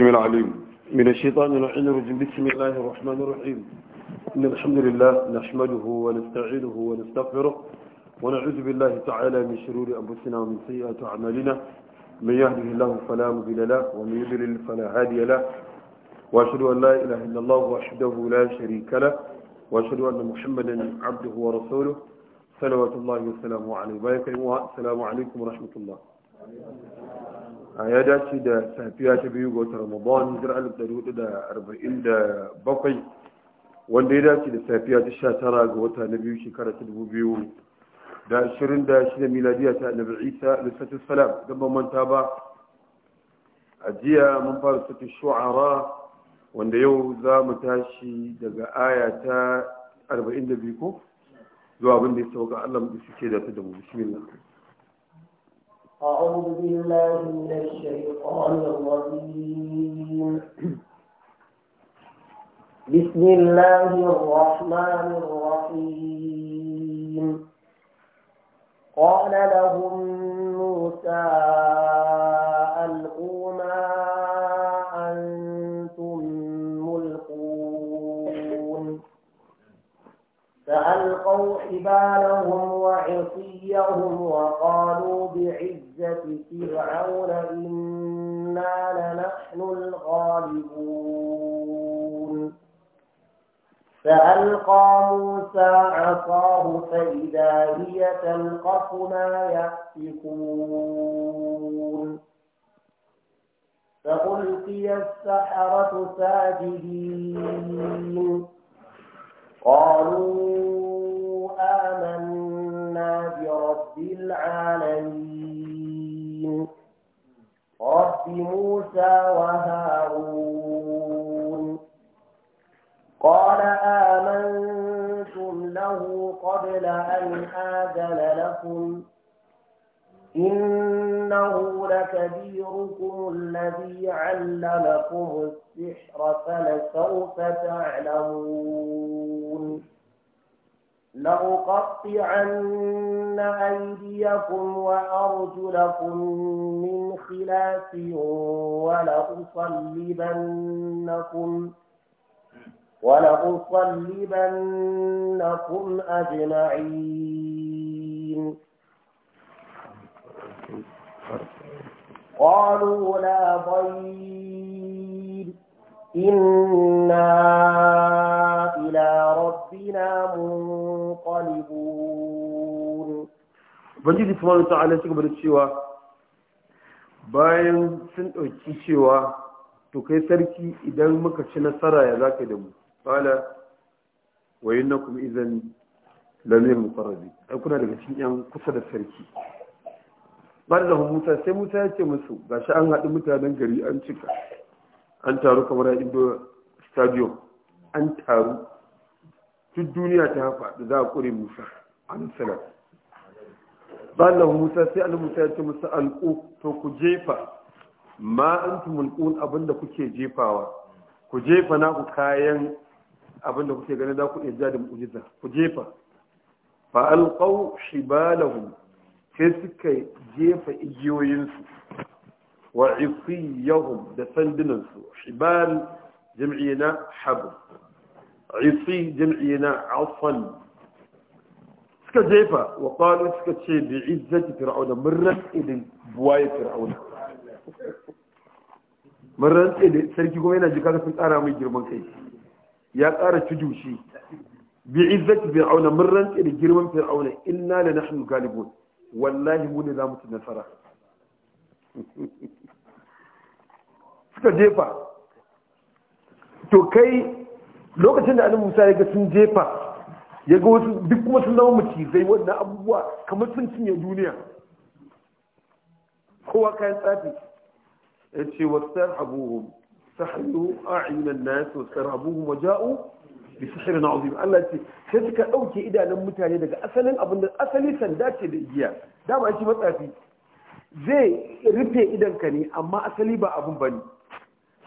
الحكيم العليم من الشيطان العين الرجيم بسم الله الرحمن الرحيم إن الحمد لله نحمده ونستعينه ونستغفره ونعوذ بالله تعالى من شرور أنفسنا ومن سيئات أعمالنا من يهده الله فلا مضل له ومن يضلل فلا هادي له وأشهد أن لا إله إلا الله وحده لا شريك له وأشهد أن محمدا عبده ورسوله صلوات الله وسلامه عليه وبارك السلام عليكم ورحمة الله ya dace da safiya ta biyu ga watan ramadan jira alif dari hudu da arba'in da bakwai wanda ya dace da safiya ta sha tara ga wata na biyu shekara ta dubu biyu da ashirin da shida miladiya ta annabi isa lissatu salam don ban manta ba a jiya mun fara sati shu'ara wanda yau za mu tashi daga aya ta arba'in da biyu ko zuwa abin da ya sauka allah mu suke da ta da mu bismillah أعوذ بالله من الشيطان الرجيم بسم الله الرحمن الرحيم قال لهم موسى ألقوا ما أنتم ملقون فألقوا حبالهم وعصيهم وقالوا بعيد حجة فرعون إنا لنحن الغالبون فألقى موسى عصاه فإذا هي تلقف ما يأفكون فألقي السحرة ساجدين قالوا آمنا رب العالمين رب موسى وهارون قال آمنتم له قبل أن آذن لكم إنه لكبيركم الذي علمكم السحر فلسوف تعلمون لأقطعن أيديكم وأرجلكم من خلاف ولأصلبنكم ولأصلبنكم أجمعين قالوا لا ضير إنا إلى ربنا منقلبون Ubangiji subhanahu ta'ala shi gaba da cewa bayan sun ɗauki cewa to kai sarki idan muka ci nasara ya zaka da mu qala wa innakum idan lamir muqarrabi ai kuna daga cikin yan kusa da sarki barza Musa sai Musa ya ce musu gashi an haɗu mutanen gari an cika an taru kamar a Indo stadium an taru duk duniya ta faɗi za a ƙure musa a an Ba na musa sai an musa ya ce musa alƙu to ku jefa ma an tumulƙun abin da kuke jefawa ku jefa na ku kayan abin kuke gani za ku iya jadin mu'jiza ku jefa Ba shi ba na shibalahum sai suka jefa igiyoyinsu wa isiyahum da sandunansu shibal jam'i na habu isi jam'i na afan suka jefa wa qalu suka ce bi izzati fir'auna mun rantsi da buwaye fir'auna mun rantsi da sarki kuma yana jika tsara mai girman kai ya tsara tujushi bi izzati fir'auna mun rantsi da girman fir'auna inna la nahnu galibun wallahi mu ne za mu nasara suka jefa to kai lokacin da annabi Musa ya ga sun jefa ya ga wasu duk kuma sun zama macizai wannan abubuwa kamar sun cinye duniya kowa kayan tsafi ya ce wasar ta hanyo a ayyunan nasu wasar abubuwan waja'u bi na azim Allah ce sai suka ɗauke idanun mutane daga asalin abin da asali sanda ce da igiya dama shi matsafi zai rufe idanka ne amma asali ba abin ba ne.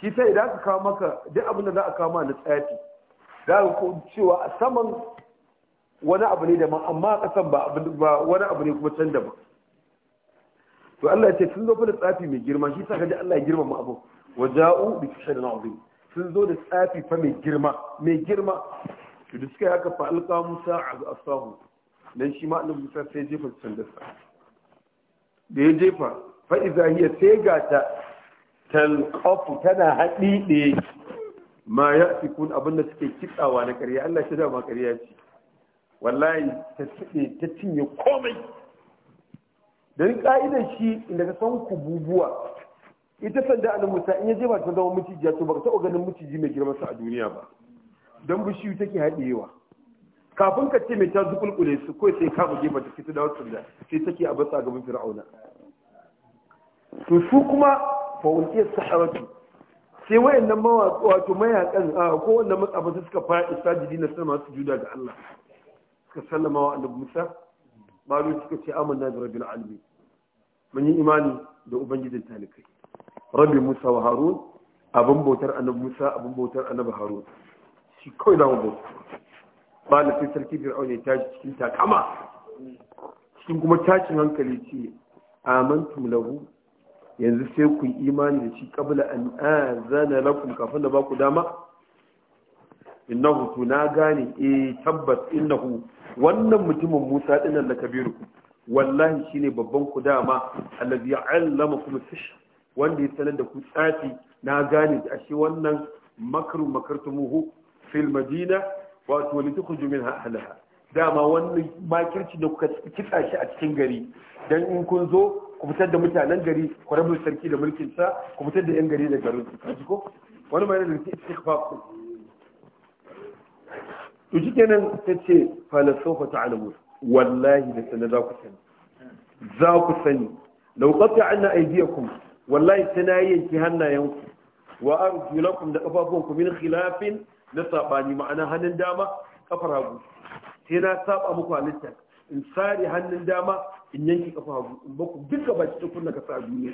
shi sai idan aka kawo maka duk abin za a kama ma na tsafi za ka ko cewa a saman wani abu ne daban amma a ƙasan ba wani abu ne kuma can daban to Allah ya ce sun zo da tsafi mai girma shi sa kaji Allah ya girma mu abu wa ja'u bi shadan azim sun zo da tsafi fa mai girma mai girma to da suka haka fa alqa musa asahu dan shi ma annabi musa sai jefa sandarsa da ya jefa fa izahiya sai gata talqafu tana haɗi ɗaya ma ya abin da suke kitsawa na ƙarya Allah shi dama ƙarya ce wallahi ta ta cinye komai Dan ka'idar shi inda ka san bubuwa ita sanda annabi Musa in ya je ba ta zama miciji to baka taba ganin miciji mai girma sa a duniya ba don bishiyu take haɗewa kafin ka ce mai ta zukulkule su ko sai ka buge mata da wasu da sai take a basa gaban fir'auna to su kuma fa iya sai nan mawaƙi wato mayakan ko wannan matsafa suka fara sajidi na sama su juda ga Allah suka sallama wa annabi Musa malu suka ce amanna bi rabbil alamin mun yi imani da ubangijin talikai rabbi Musa wa Harun abin bautar annabi Musa abin bautar annabi Harun shi kawai da bauta ba na sai sarki Fir'aun ya tashi cikin takama cikin kuma tashin hankali ce amantu lahu yanzu sai ku imani da shi kabla an azana lakum kafin da ba ku dama na gane e tabbas innahu wannan mutumin Musa dinan da kabiru wallahi shine babban ku dama allazi kuma fish wanda ya sanar da ku tsafi na gane da ashe wannan makaru makartumuhu fil madina wato litukhruju minha ahlaha dama wannan makirci da kuka kitsa shi a cikin gari dan in kun zo ku fitar da mutanen gari ku rabu sarki da mulkin sa ku fitar da yan gari da garin su kaji ko wani mai da istighfar ku to shikenan tace fa ta sawfa ta'lamu wallahi da sanin za ku sani za ku sani law qata'na aydiyakum wallahi sana yanki hannayenku wa arjulakum da kafafunku min khilafin na sabani ma'ana hannun dama kafar hagu sai na saba muku halitta in sare hannun dama in yanki kafa hagu in baku duka baki ta kunna kasa a duniya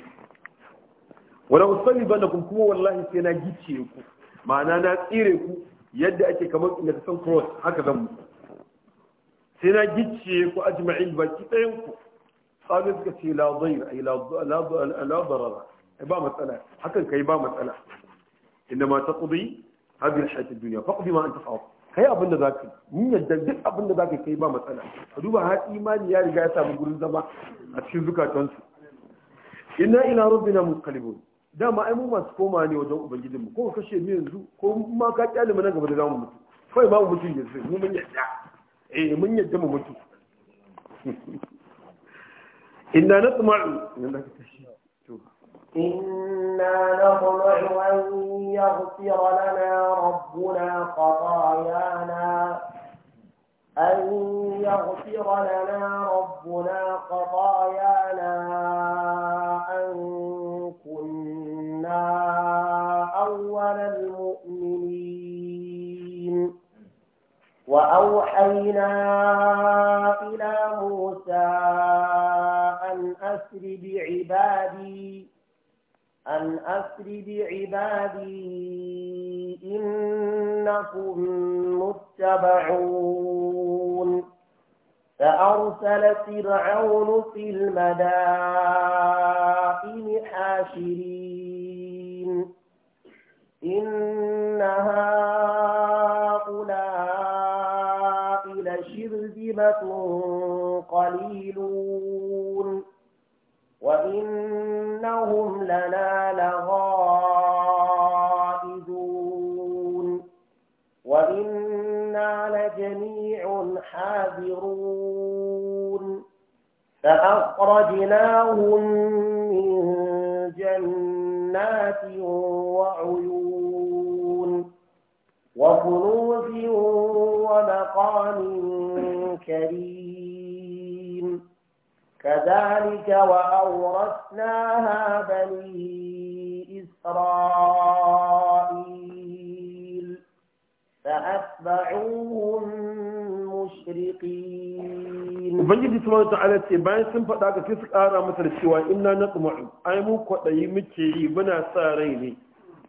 wala usani bana kun kuma wallahi sai na gice ku ma'ana na tsire ku yadda ake kamar inda ka san cross haka zan muku sai na gice ku ajma'in baki ɗayan ku sabi suka ce la dhayr ay la darara ba matsala hakan kai ba matsala inda ma taqdi hadhihi al-hayat ad-dunya faqdi ma anta fa'al kai abin da zaka yi ni yadda duk abin da zaka kai ba matsala a duba har imani ya riga ya samu gurin zama a cikin zukatansu inna ila rabbina munqalibun dama ai mu masu koma ne wajen ubangijin mu ko kashe mu yanzu ko ma ka kyale mu nan gaba da zamu mutu kai ba mu mutu yanzu mu mun yadda eh mun yadda mu mutu inna natma'u inna ka tashi إنا نطمع أن يغفر لنا ربنا خطايانا أن يغفر لنا ربنا خطايانا أن كنا أول المؤمنين وأوحينا إلى موسى أن أسر بعبادي أن أسر بعبادي إنكم متبعون فأرسل فرعون في المدائن حاشرين إن هؤلاء لشرذمة قليلون وإنهم لنا لغائدون وإنا لجميع حاذرون فأخرجناهم من جنات وعيون وكنوز ومقام كريم كذلك وأورثناها بني إسرائيل فأتبعوهم مشرقين وبنجد سبحانه وتعالى تبعي سنفع كسك آراء مثل السواء إنا نطمع أي موقع أي متعي بنا سارين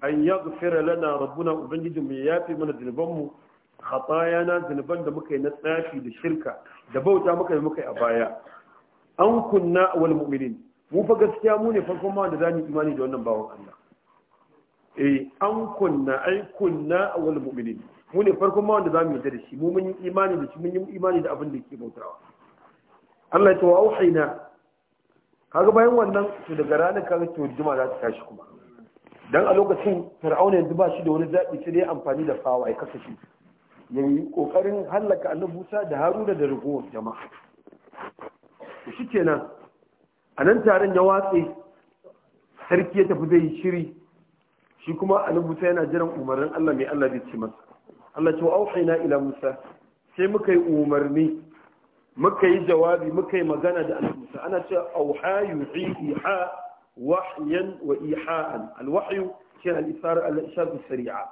أن يغفر لنا ربنا وبنجد مياتي من الدنبام خطايانا الدنبام دمكي نتعافي للشركة دبوتا مكي مكي أبايا an kunna wal mu'minin mu fa gaskiya mu ne farkon ma da zamu imani da wannan bawon Allah eh an kunna ai kunna wal mu'minin mu ne farkon ma wanda zamu yarda da shi mu mun yi imani da shi mun yi imani da abin da ke bautawa Allah ya ce wa auhayna kaga bayan wannan to daga ranar kaga to juma'a za ta tashi kuma dan a lokacin fir'auna yanzu ba shi da wani zaɓi sai dai amfani da fawa ya kasa shi yayi kokarin hallaka annabusa da Haruna da ragowar jama'a shi kenan a nan taron ya watse sarki ya tafi zai shiri shi kuma a musa yana jiran umarnin allah mai allah zai ce masa allah ce wa auhaina ila musa sai muka yi umarni muka yi jawabi muka yi magana da annabi musa ana ce auha yuhi iha wahyan wa iha'an alwahyu shi al-isar al-ishar sari'a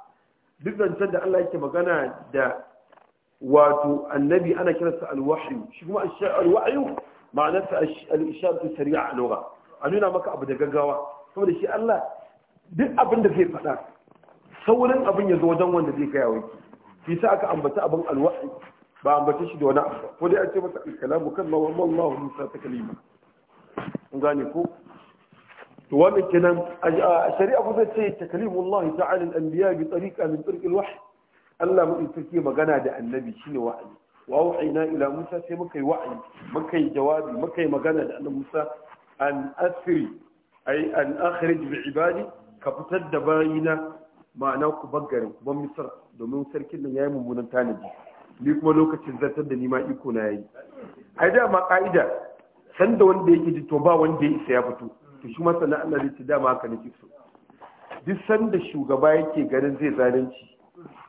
duk zancen da Allah yake magana da wato annabi ana kiransa alwahyu shi kuma alwahyu ma'anarsa al-isharatu sari'a a lugha a nuna maka abu da gaggawa saboda shi Allah duk abin da zai faɗa saurin abin ya zo wajen wanda zai gaya wai fi sa aka ambata abin alwa'i ba ambata shi da wani abu ko dai a ce masa kalamu kan lawan wallahu musa ta kalima kun gane ko to wannan kenan shari'a kusa ce ta kalimullah ta'ala al-anbiya bi tariqa min tariq al-wahy Allah mu sarki magana da annabi shine wa'azi wa wa'ina ila musa sai muka yi wa'ayi muka yi jawabi muka yi magana da annabi musa an asiri ai an akhrij bi ibadi ka fitar da bayina ma'ana ku bangaren ku ban misar domin sarkin nan yayi mummunan tanadi ni kuma lokacin zartar da ni ma iko na yayi ai da ma ka'ida san da wanda yake ji to ba wanda ya isa ya fito to shi ma sanan Allah zai ci dama haka nake so duk sanda shugaba yake ganin zai zalunci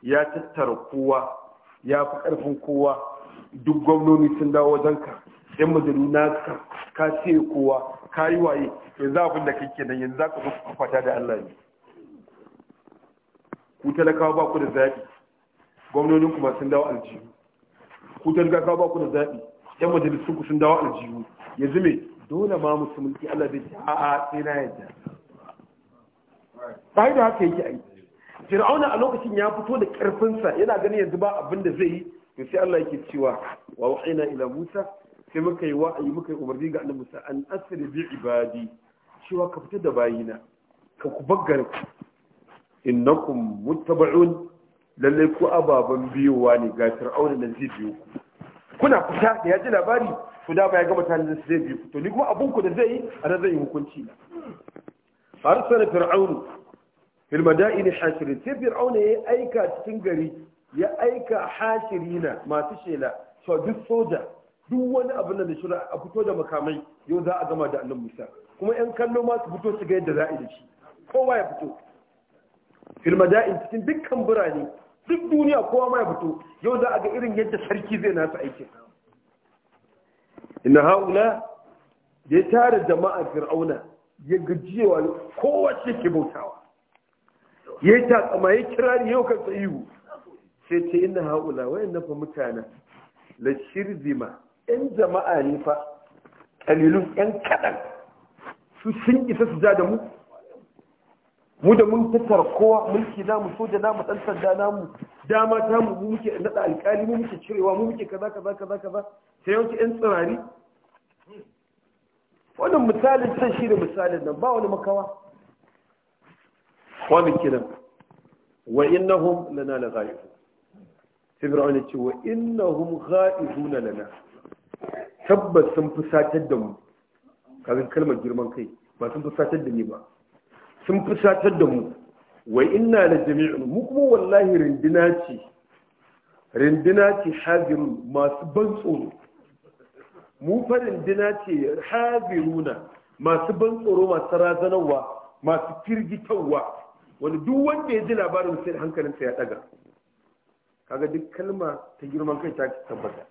ya tattara kowa ya fi karfin kowa duk gwamnoni sun dawo ka, yan majalu na ka ce kowa ka yi waye yanzu abin da kake nan yanzu za ka zo kufata da Allah ne ku talakawa ba ku da zaɓi gwamnonin kuma sun dawo aljihu ku talakawa ba ku da zaɓi yan sun ku sun dawo aljihu yanzu me dole ma musulunci Allah bai ce a'a sai na yadda ba da haka yake aiki fir'auna a lokacin ya fito da ƙarfinsa yana ganin yanzu ba abin da zai yi to sai Allah yake cewa wa wa'ina ila Musa sai muka yi wa'ayi muka yi umarni ga annabi Musa an asri bi ibadi cewa ka fita da bayina ka ku baggar innakum muttaba'un lalle ku ababan biyowa ne ga fir'auna nan zai biyo ku kuna fita da ya ji labari ku da ya ga mutanen da zai biyo to ni kuma abun ku da zai yi a nan zai yi hukunci na har sai fir'aunu fil madaini hashirin sai fir'auna ya aika cikin gari ya aika hashiri na masu shela to duk soja duk wani abin da shura a fito da makamai yau za a gama da annan musa kuma yan kallo ma su fito su ga yadda za a yi da shi kowa ya fito in cikin dukkan birane duk duniya kowa ma ya fito yau za a ga irin yadda sarki zai nasu aiki. Ina haula ya tara jama'a fir'auna ya gajiyewa kowace ke bautawa ya yi tatsama ya kirari yau kan ihu sai ce ina haula wayan fa mutanen la shirzima yan jama'a ne fa kalilun yan kaɗan su sun isa su ja da mu mu da mun tattara kowa mulki namu soja namu ɗan sanda namu dama ta mu mu muke naɗa alƙali mu muke cirewa mu muke kaza kaza kaza kaza sai yawanci yan tsirari wannan misalin can shi da misalin nan ba wani makawa wani kiran wa innahum lana la ghaibun sai fir'aun ya ce wa innahum kha'ifuna lana tabbas sun fusatar da mu kafin kalmar girman kai ba sun fusatar da ni ba sun fusatar da mu wa inna la jami'un mu kuma wallahi rindina ce rindina ce hazirun masu ban tsoro mu fa rindina ce haziruna masu ban tsoro masu razanarwa masu firgitarwa wani duk wanda ya ji labarin sai hankalinsa ya daga kaga duk kalma ta girman kai ta tabbata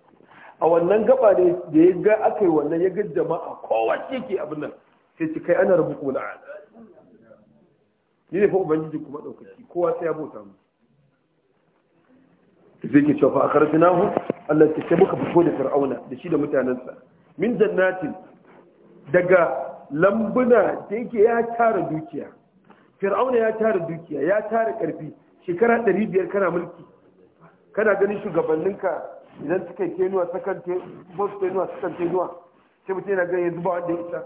a wannan gaba ne da ya ga aka yi wannan ya ga jama'a kowa yake abin nan sai ci kai ana rubuku wani a ni ne fa ubangiji kuma ɗaukaki kowa sai ya bauta mu zai ke cewa na hu Allah ta ce muka fito da fir'auna da shi da mutanensa min jannatin daga lambuna da yake ya tara dukiya fir'auna ya tara dukiya ya tara karfi shekara 500 kana mulki kana ganin shugabanninka idan suka yi tenuwa sakan nuwa sakan nuwa sai mutum yana ganin yanzu ba wanda ya isa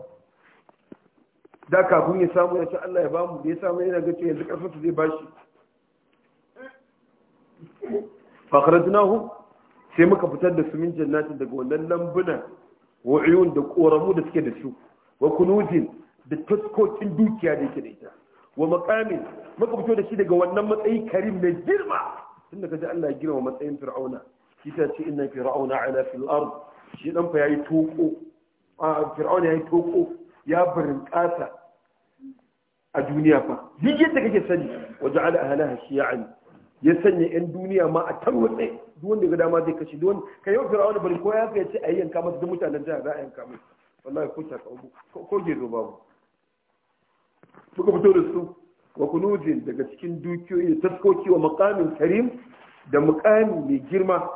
da kafin ya samu ya ce Allah ya bamu da ya samu yana ga yanzu karfin su zai bashi hu sai muka fitar da su min jannatin daga wannan lambuna wa'iyun da koramu da suke da su wa kunujin da taskocin dukiya da yake da ita wa makamin muka fito da shi daga wannan matsayi karim mai girma tunda kaji Allah ya girma matsayin fir'auna shi ta ce inna fir'auna ala fil ard shi dan fa yayi toko a fir'auna yayi toko ya barin burinkata a duniya fa duk yadda kake sani waja'ala ahlaha shi'an ya sanya yan duniya ma a tarwatse duk wanda ga dama zai kashe duk wanda kai yau fir'auna bari ko ya ce a yanka masa duk mutanen jihar za a yanka masa wallahi ko ta ko gezo babu muka fito da su wa kunuzin daga cikin dukiyoyi da taskoki wa makamin karim da mukami mai girma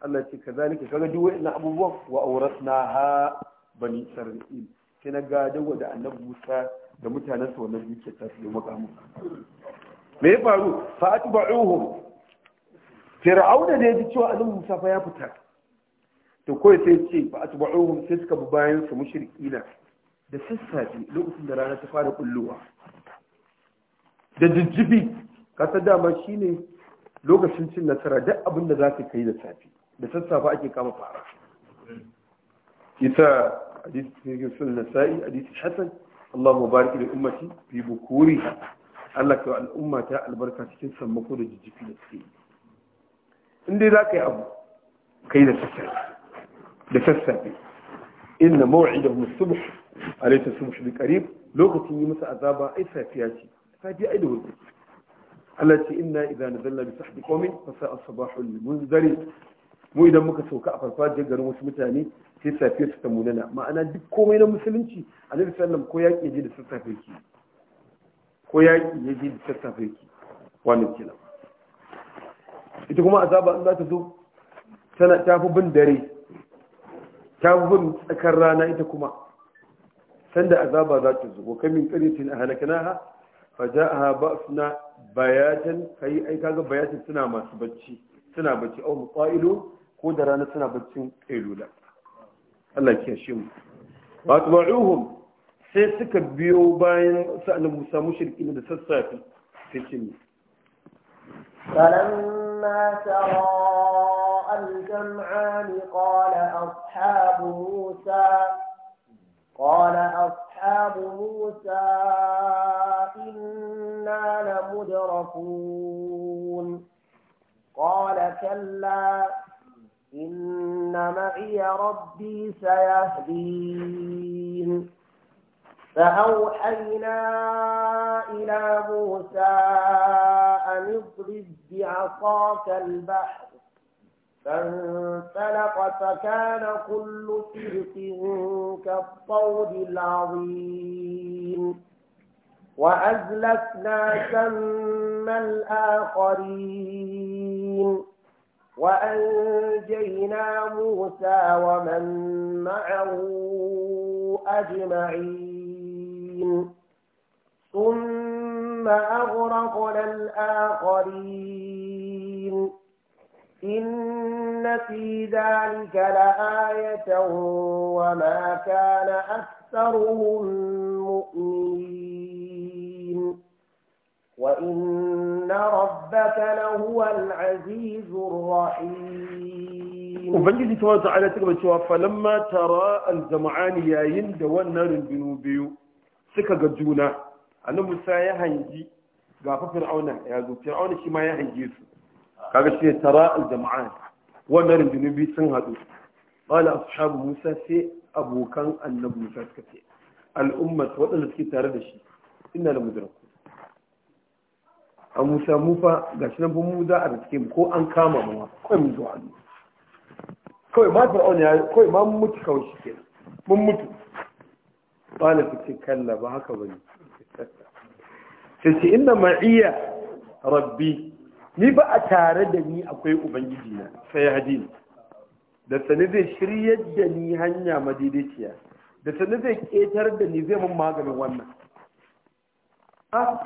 Allah ce ka zalika kaga duk wa'annan abubuwan wa auratna ha bani isra'il kina na gada wa da annabi Musa da mutanen sa wannan duke ta su me ya faru fa atba'uhum fir'auna da ya ji cewa annabi Musa fa ya fita to koyi sai ce fa atba'uhum sai suka bi bayan su mushrikina da sassafe lokacin da rana ta fara kulluwa. da jijjibi kasar dama ne lokacin cin nasara duk abin da za ka kai da safi da sassafe ake kama fara isa hadisi cikin sun nasa'i hadisi Hassan, Allah bariki da ummati fi bukuri Allah ka al'umma ta albarka cikin sammako da jijjibi da suke in dai za ka yi abu kai da sassafe da sassafe inna maw'idahum subh alaysa subh bi qarib lokacin yi musu azaba ai safiya ce safiya ai da wuri Allah ce inna idan nazalna bi sahbi qawmin fa mu idan muka sauka a farfajiyar garin wasu mutane sai safiya su ta munana ma'ana duk komai na musulunci annabi ko yaƙi je da sassafe ki ko yaƙi ya da sassafe ki wannan kenan ita kuma azaba in za zo tana ta fi bin dare ta fi bin tsakar rana ita kuma sanda azaba za ta zo wa kamin qaryatin ahlaknaha fajaha ba'suna bayatan kai ai kaga bayatan suna masu bacci suna bacci au muqailu ko da rana suna baccin kailula Allah ya shi mu watba'uhum sai suka biyo bayan sa'an Musa mushrikin da sassafe sai ce ni فلما تراءى الجمعان قال أصحاب موسى قال أصحاب أصحاب موسى إنا لمدركون قال كلا إن معي ربي سيهدين فأوحينا إلى موسى أن اضرب بعصاك البحر فانفلق فكان كل فرق كالطود العظيم وأزلفنا ثم الآخرين وأنجينا موسى ومن معه أجمعين ثم أغرقنا الآخرين إن في ذلك لآية وما كان أكثرهم مؤمنين وإن ربك لهو العزيز الرحيم وبنجي سبحانه وتعالى تقبل شوى فلما ترى الجمعان يا يند والنار الجنوبي سكا جونا أنا موسى يا هنجي غافر فرعون يا فرعون شي ما يا هنجي سو kaga shi ne tara al-jama'an wannan rundunar biyu sun haɗu qala ashabu musa sai abokan annabi musa suka ce al'ummat wadanda suke tare da shi inna la mudraku a musa mufa ga shi nan ba mu za a riske mu ko an kama mu kawai mu zuwa hannu kawai ma fir'auna ya kawai ma mun mutu kawai shi mun mutu qala fi ce kalla ba haka bane sai ce inna ma'iya rabbi ni ba a tare da ni akwai ubangiji na sai hadin da sani zai shiryar da ni hanya madaidaiciya da sani zai ketar da ni zai mun maganin wannan a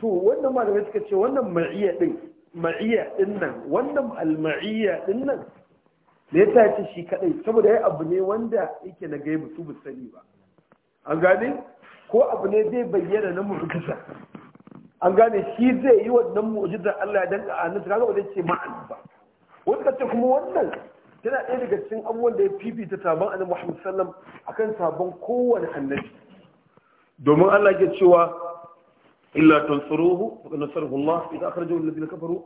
to wannan malamai suka ce wannan ma'iyya din ma'iyya din nan wannan al-ma'iyya din nan da ya tace shi kadai saboda ya abu ne wanda yake na gaibu su bu sani ba an gane ko abu ne zai bayyana na mu'jiza an gane shi zai yi wannan mu'jizar Allah ya danka a hannunsa kaga wajen ce ma'ana ba wani kace kuma wannan tana ɗaya daga cikin abubuwan da ya fifita sabon annabi Muhammad sallam akan sabon kowane annabi domin Allah ke cewa illa tansuruhu faqad nasarahu Allah idza akhrajahu alladhina kafaru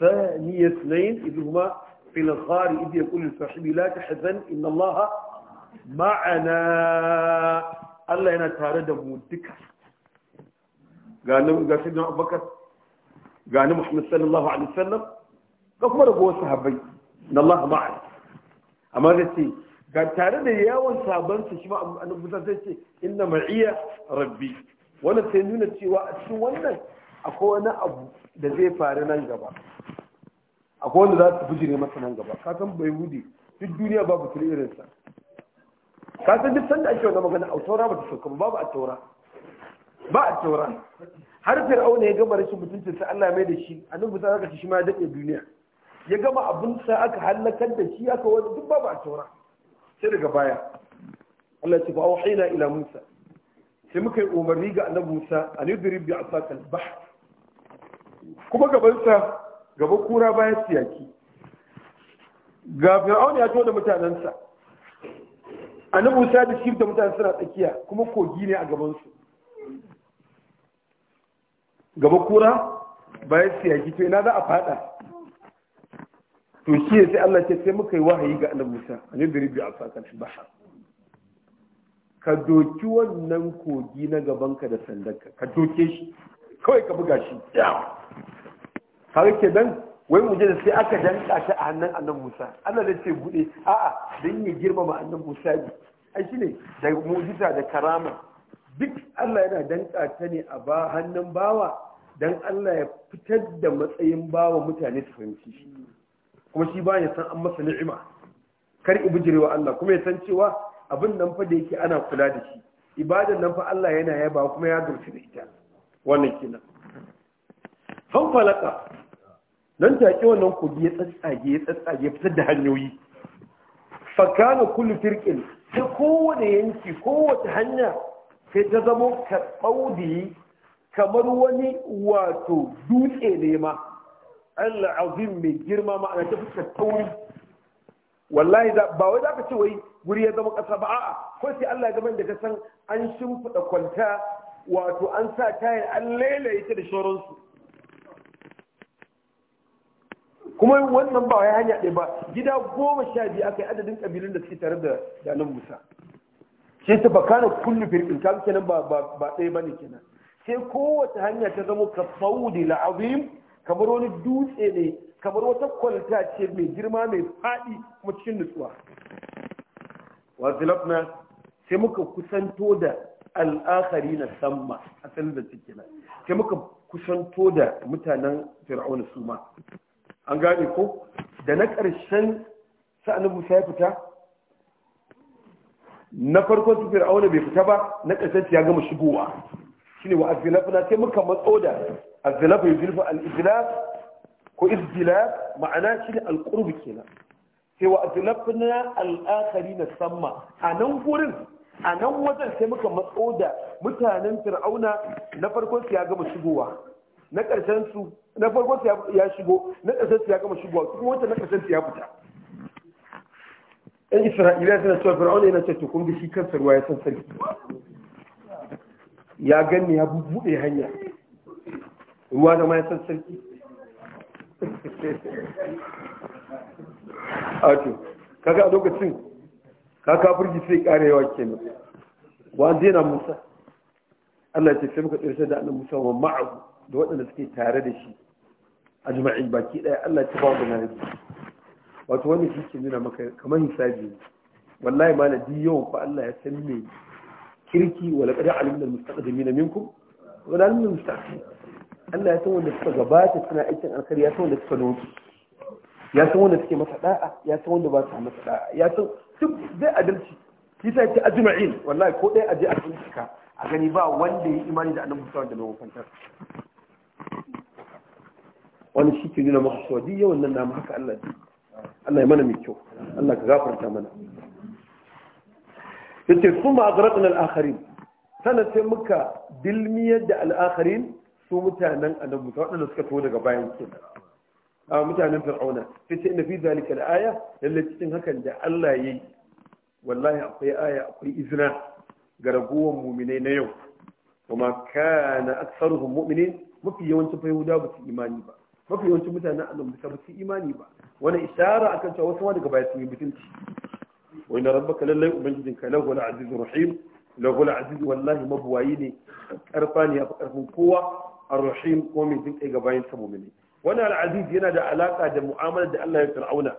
ثاني اثنين إذ هما في الغار إذ يقول لصاحبه لا تحزن إن الله معنا tare da mu duka. ga sayyidina abubakar ga ni muhammad sallallahu alaihi wasallam ga kuma ragowar sahabbai na Allah ma'a amma da ce ga tare da yawan sabansa shi ma annabi zai ce inna ma'iya rabbi wannan sai nuna cewa a cikin wannan akwai wani abu da zai faru nan gaba akwai wanda za su bujire masa nan gaba ka san bai hude duk duniya babu tun irinsa ka san duk sanda ake wannan magana a taura ba ta sauka babu a taura ba a tauran har fir'auna ya gama rashin mutuncin sa Allah mai da shi annabi sai aka ci shi ma ya dade duniya ya gama abun sa aka halakar da shi aka wani duk ba a tauran sai daga baya Allah ya ce fa wahina ila Musa sai muka yi umarni ga annabi Musa an yudrib bi asakal bahr kuma gaban sa gaba kura bayan siyaki ga fir'auna ya to da annabi Musa da shi da mutanen suna tsakiya kuma kogi ne a gaban su gaba kura bayan siyaki to ina za a fada to shi ya sai Allah ce sai muka yi wahayi ga annabi Musa a ne biribi a fakan bahar ka doki wannan kogi na gaban ka da sandanka ka doke shi kawai ka buga shi har ke dan wai mu je da sai aka danka ta a hannun annabi Musa Allah da ce bude a'a dan ya girmama annabi Musa ai shine da mu'jiza da karama duk Allah yana danka ta ne a ba hannun bawa don Allah ya fitar da matsayin bawa mutane su fahimci shi kuma shi ba ya san an masa ni'ima kar i jirewa Allah kuma ya san cewa abin nan fa da yake ana kula da shi ibadan nan fa Allah yana yaba kuma ya gamsu da ita wannan kenan Fan falaka nan take wannan kogi ya tsatsage ya tsatsage fitar da hanyoyi fakana kullu firqin sai kowane yanki kowace hanya sai ta zamo ka tsaudi kamar wani wato dutse ne ma Allah azim mai girma ma ana ta fuskar tauri wallahi ba wai zaka ce wai guri ya zama kasa ba a'a ko sai Allah ya zama da ka san an shimfida kwanta wato an sa tayar an lailaye da shoransu kuma wannan ba wai hanya ɗaya ba gida goma sha biyu aka yi adadin ƙabilun da suke tare da nan musa sai ta bakana kullu firqin ka kenan ba ba dai bane kenan sai kowace hanya ta zama ka saudi la'azim kamar wani dutse ne kamar wata kwalta ce mai girma mai faɗi kuma cikin nutsuwa wazilafna sai muka kusanto da al'akari na samma a sanin da cikin sai muka kusanto da mutanen fir'aun su ma an gane ko da na ƙarshen sa'anin musa ya fita na farkon su fir'auna bai fita ba na ƙarshen ya gama shigowa shine wa azilafna sai muka matso da azilafa yuzilfu al-izlaf ko izlaf ma'ana shine al-qurb kenan sai wa azlafna al-akharin samma a nan gurin a nan wajen sai muka matso da mutanen fir'auna na farkon su ya gama shigowa na ƙarshen su na farkon su ya shigo na ƙarshen su ya gama shigowa kuma wata na ƙarshen su ya fita yan isra'ila suna cewa fir'auna yana cewa kun ga shi kansa ruwa ya san sarki ya ganni ya buɗe hanya ruwa da ma ya san sarki ato kaga a lokacin ka kafirci sai ƙara yawa ke nan." wa na musa Allah ce sai muka tsirce da annan Musa wa ma'ahu da waɗanda suke tare da shi A ajma'in baki ɗaya Allah ta ba mu nanabi wato wani shi ke nuna maka kamar hisabi wallahi ma na di yawan ku Allah ya san me kirki wa laqad alimna almustaqdimin minkum wa la alimna almustaqdim Allah ya san wanda suka gabata suna aikin alkhairi ya san wanda suka nufi ya san wanda suke masa da'a ya san wanda ba su masa da'a ya san duk zai adalci shi sai ce ajma'in wallahi ko dai aje a bincika a gani ba wanda ya imani da annabi sallallahu alaihi wasallam wani shi ke nuna maka so di na nan haka Allah ya Allah ya mana mai kyau Allah ka gafarta mana yace ma azraqna al-akharin sanan sai muka dilmiyar da al-akharin su mutanen annabi waɗanda suka to daga bayan kenan a mutanen fir'auna sai ce inna fi zalika al-aya lalle cikin hakan da Allah yayi wallahi akwai aya akwai izina ga ragowar mu'minai na yau kuma kana aktsaruhum mu'minin mafi yawancin fa yahuda ba su imani ba mafi yawancin mutanen annabi ka ba su imani ba wani ishara akan cewa wasu ma daga baya sun yi mutunci wa inna rabbaka lallai ubangijin ka lahu al-azizur rahim lahu al-aziz wallahi mabwayi ne karfa ne ya karfin kowa ar-rahim ko mai jin kai ga bayan sa mu'mini wannan al-aziz yana da alaka da mu'amalar da Allah ya fir'auna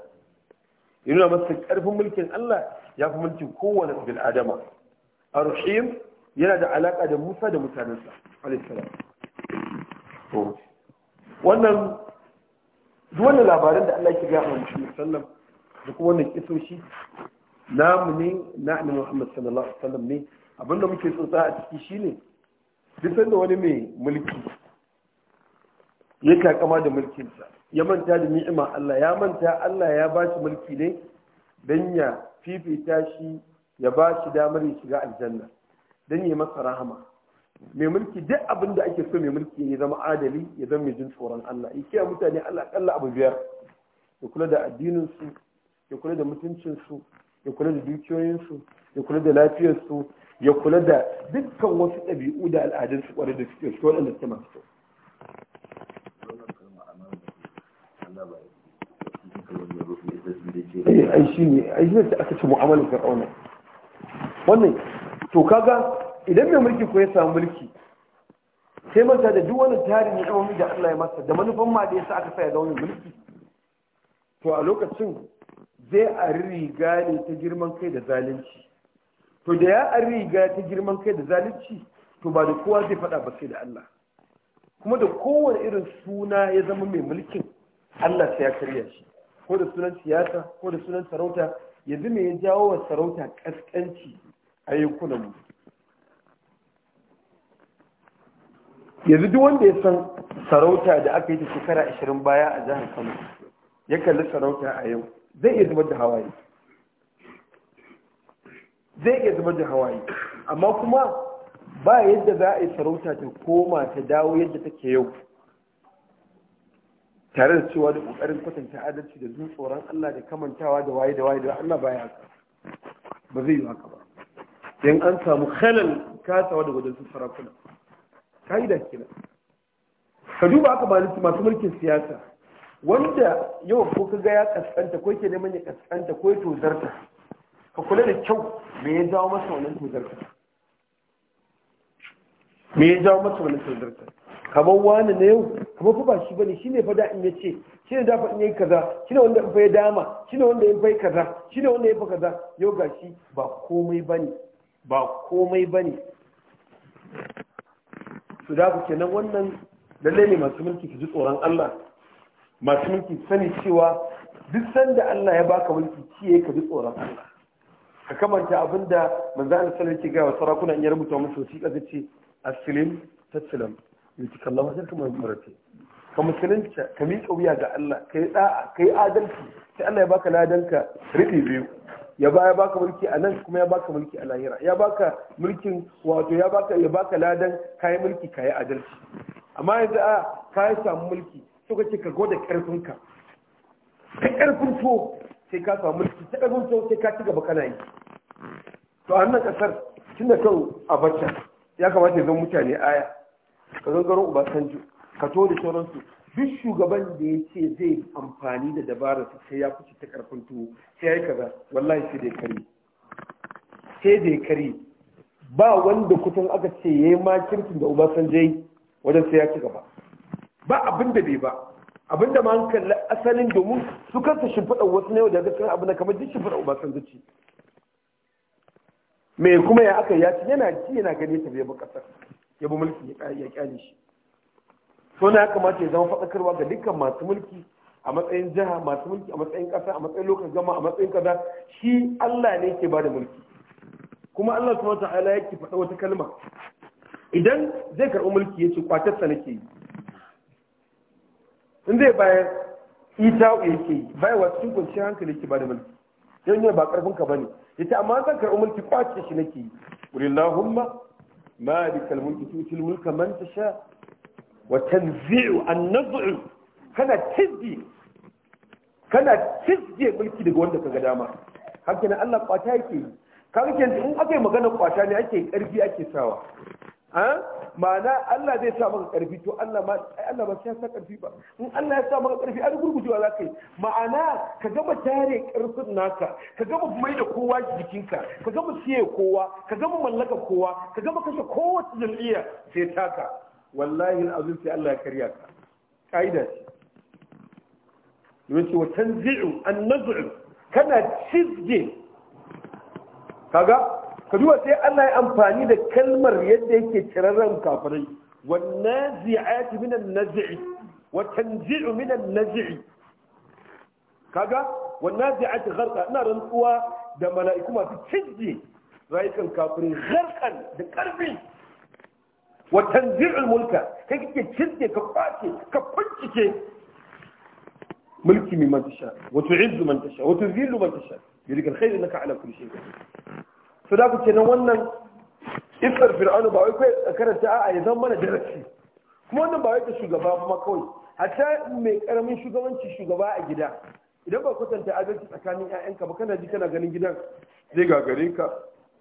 yana masa karfin mulkin Allah ya fi mulkin kowane bil adama ar-rahim yana da alaka da Musa da mutanensa alayhi salam wannan duk wannan labaran da Allah ke ga mu shi sallam da kuma wannan kisoshi namu ne na annabi Muhammad sallallahu alaihi wasallam ne abinda muke tsotsa a ciki shine duk sanda wani mai mulki ya kakama da mulkinsa ya manta da ni'ima Allah ya manta Allah ya ba shi mulki ne dan ya fifita shi ya ba shi damar ya shiga aljanna dan ya masa rahama mai mulki duk abin da ake so mai mulki ya zama adali ya zama mai jin tsoron Allah ya kiyaye mutane Allah kalla abu biyar ya kula da addinin su ya kula da mutuncin su ya kula da dukiyoyin su ya kula da lafiyar su ya kula da dukkan wasu ɗabi'u da al'adun su kwarai da suke su wannan suke masu kyau eh, ai shi ne ai shi ne aka ce mu'amalar fir'auna wannan to kaga idan mai mulki ko ya samu mulki sai manta da duk wani tarin ni'imomi da Allah ya masa da manufan ma da yasa aka sa ya ga wani mulki to a lokacin zai a riga ne ta girman kai da zalunci to da ya a riga ta girman kai da zalunci to ba da kowa zai faɗa ba sai da Allah kuma da kowane irin suna ya zama mai mulkin Allah sai ya karya shi ko da sunan siyasa ko da sunan sarauta yanzu ne ya jawo wa sarauta kaskanci a yankunan mu yanzu duk wanda ya san sarauta da aka yi ta shekara ashirin baya a jihar kano ya kalli sarauta a yau zai iya zubar da hawaye zai iya zubar da hawaye amma kuma ba yadda za a yi sarauta ta koma ta dawo yadda take yau tare da cewa da kokarin kwatanta adalci da zuwa tsoron Allah da kamantawa da waye da waye da Allah baya haka ba zai yi haka ba in an samu khalal kasawa da wajen sarakuna ka'ida kenan ka duba aka ba maliki masu mulkin siyasa wanda yau ko ka ga ya kaskanta ko yake neman ya kaskanta ko ya tozarta ka kula da kyau me ya jawo masa wannan tozarta me ya jawo masa wannan tozarta kamar wani na yau kamar fa ba shi bane shine fa da in ce shine da fa in yayi kaza shine wanda in fa ya dama shine wanda in fa ya kaza shine wanda ya fa kaza yau gashi ba komai bane ba komai bane su da ku kenan wannan lallai ne masu mulki ki ji tsoron Allah masu mulki sani cewa duk sanda Allah ya baka mulki kiyaye ka ji tsoron Allah ka kamanta abinda manzo Allah sallallahu alaihi wasallam sarakuna in ya rubuta musu wasiƙa zace ce aslim taslam yutika Allah wajen kuma marate ka musulunta ka miƙa wuya ga Allah ka yi da'a ka yi adalci sai Allah ya baka ladanka rufe biyu ya ba ya baka mulki a nan kuma ya baka mulki a lahira ya baka mulkin wato ya baka ya baka ladan kayi mulki kayi adalci amma yanzu a kayi samu mulki to ce ka gwada ka ta karfin to sai ka samu mulki ka karfin to sai ka ci gaba kana yi to a nan kasar tun da kan abacha ya kamata ya zama mutane aya ka zangaro ubasanjo ka to da sauransu duk shugaban da ya ce zai amfani da dabarar sai ya kuce ta karfin tuwo sai ya yi kaza wallahi sai dai kare sai dai kare ba wanda kusan aka ce ya yi makirkin da obasanjo yi wajen sai ya ci gaba ba abin da bai ba abin da ma an kalli asalin domin su kansa shimfiɗa wasu ne da gaskiyar abin da kamar duk shimfiɗa obasanjo ce me kuma ya aka ya ci yana ji yana gane ta bai ba ƙasar ya bi mulki ya ƙyale shi to na ya kamata ya zama faɗakarwa ga dukkan masu mulki a matsayin jiha masu mulki a matsayin ƙasa a matsayin lokacin gama a matsayin kaza shi Allah ne yake bada mulki kuma Allah subhanahu ta'ala yake faɗa wata kalma idan zai karɓi mulki yace kwatar sa nake in zai bayar ita yake bai wa cikin kwanciyar hankali yake bada mulki dan ne ba karfin ka bane yace amma zan karɓi mulki kwace shi nake qulillahumma malikal mulki tutil mulka man tasha wa tanzi'u annaz'u kana tizdi kana tizge mulki daga wanda ka ga dama haka ne Allah kwata yake yi kaga in aka yi magana kwata ne ake karfi ake sawa ma'ana Allah zai sa maka karfi to Allah ma ai Allah ba sai sa karfi ba in Allah ya sa maka karfi an gurgujewa za ka yi ma'ana ka gama tare karfin naka ka gama mai da kowa jikinka ka gama siye kowa ka gama mallaka kowa ka gama kashe kowace jam'iyya sai taka wallahi azim sai Allah ya karya ka kaida yace wa tanzi'u an naz'u kana cizge kaga ka duba sai Allah ya amfani da kalmar yadda yake kirarren kafirai wan nazi'ati min an-naz'i wa tanzi'u min an-naz'i kaga wan nazi'ati gharqa ina rantsuwa da mala'iku masu cizge rayukan kafirai gharqan da karfi wa tanzi'ul mulka kai kake cinje ka kwace ka kuncike mulki man tasha wa tu'izzu man tasha wa tuzillu man tasha yurika alkhairu innaka ala kulli shay'in qadir so da ku kenan wannan isar fir'aunu ba wai kai karanta a'a ya zama mana darasi kuma wannan ba wai ta shugaba kuma kawai hatta mai karamin shugabanci shugaba a gida idan ba kwatanta adalci tsakanin 'ya'yanka ba kana ji kana ganin gidan zai gagare ka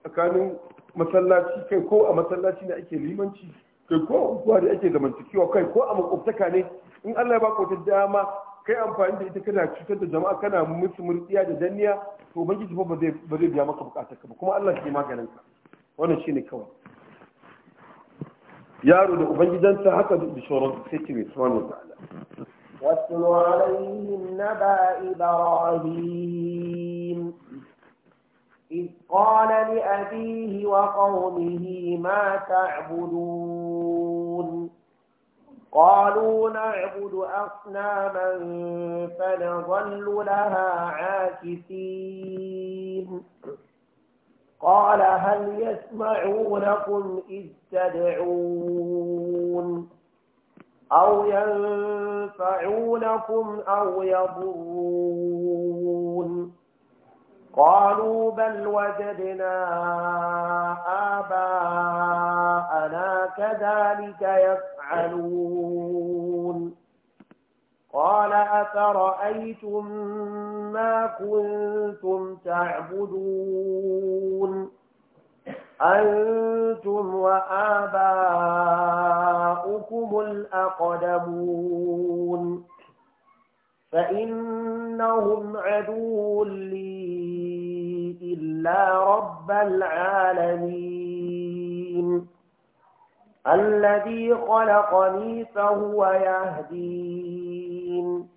tsakanin masallaci kai ko a masallaci ne ake limanci kai ko a unguwa ne ake zamantakewa kai ko a makwabtaka ne in Allah ya ba ku dama kai amfani da ita kana cutar da jama'a kana musu murtsiya da danniya to ubangiji fa ba zai ba zai biya maka bukatar ka ba kuma Allah shi maganin ka wannan shine kawai yaro da ubangijansa haka da shoron sai ki mai subhanahu wa ta'ala واتل عليهم نبأ إبراهيم إذ قال لأبيه وقومه ما تعبدون قالوا نعبد أصناما فنظل لها عاكفين قال هل يسمعونكم إذ تدعون أو ينفعونكم أو يضرون قالوا بل وجدنا آباءنا كذلك يفعلون قال أفرأيتم ما كنتم تعبدون أنتم وآباؤكم الأقدمون فإنهم عدو لي إلا رب العالمين الذي خلقني فهو يهدين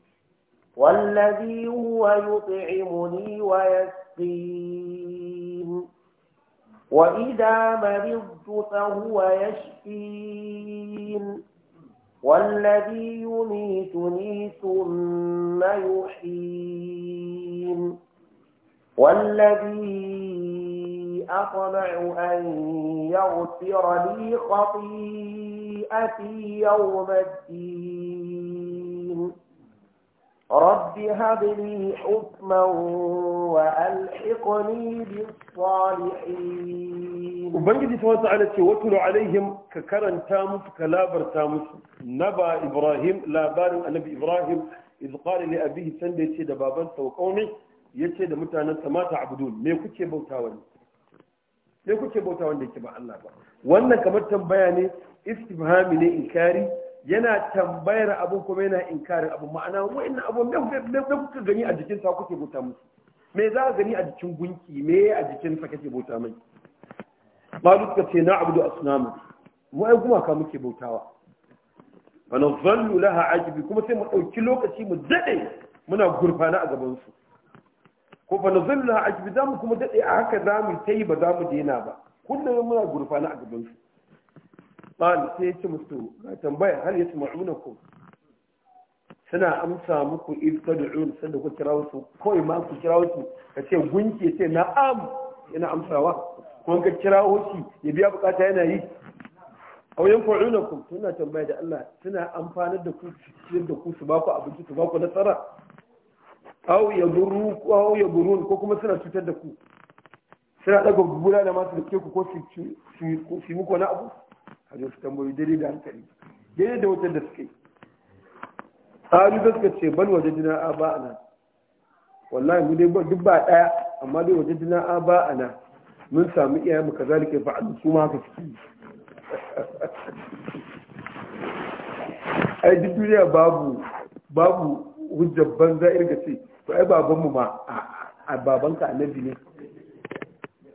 والذي هو يطعمني ويسقين وإذا مرضت فهو يشفين والذي يميتني ثم يحيين والذي أطمع أن يغفر لي خطيئتي يوم الدين رب هب لي حكما وألحقني بالصالحين وبنجد سبحانه وتعالى واتل عليهم ككرن تامس كلابر تامس نبى إبراهيم لا بار النبي إبراهيم إذ قال لأبيه سندي سيد بابا وقومي yace da mutanensa ma ta abudun me kuke bauta wani me kuke bauta wanda yake ba Allah ba wannan kamar tambaya ne istifhami ne inkari yana tambayar abin kuma yana inkarin abin ma'ana wa'in abin da kuka gani a jikin sa kuke bauta musu me za a gani a jikin gunki me a jikin sa kake bauta mai malu suka ce na abudu asnamu mu ai ka muke bautawa wa zallu laha ajibi kuma sai mu dauki lokaci mu dade muna gurfana a gaban su ko fa zallu laha ajibi zamu kuma dade a haka zamu tayi ba zamu daina ba kullum muna gurfana a gaban su قال سيت مستو تنبيه هل يسمعونكم suna amsa muku in tad'un sanda ku kirawo su koi ma ku kirawo su kace gunki ce na'am yana amsawa kuma ka kirawo shi ya biya bukata yana yi aw yanfa'unakum suna tambaya da Allah suna amfanar da ku ciyar da ku baku abinci su baku nasara aw yadurru aw yadurrun ko kuma suna cutar da ku suna daga gura da masu da ke ku ko su na abu a zo su tambayi daidai da hankali daidai da wajen da suke tsari da suka ce bal wajen jina a ba ana wallahi mu dai duk ba daya amma dai wajen jina a ba ana mun samu iyaye mu kazalika fa'alu su ma haka suke ai duk duniya babu babu hujjar banza irga ce to ai babanmu ma a babanka annabi ne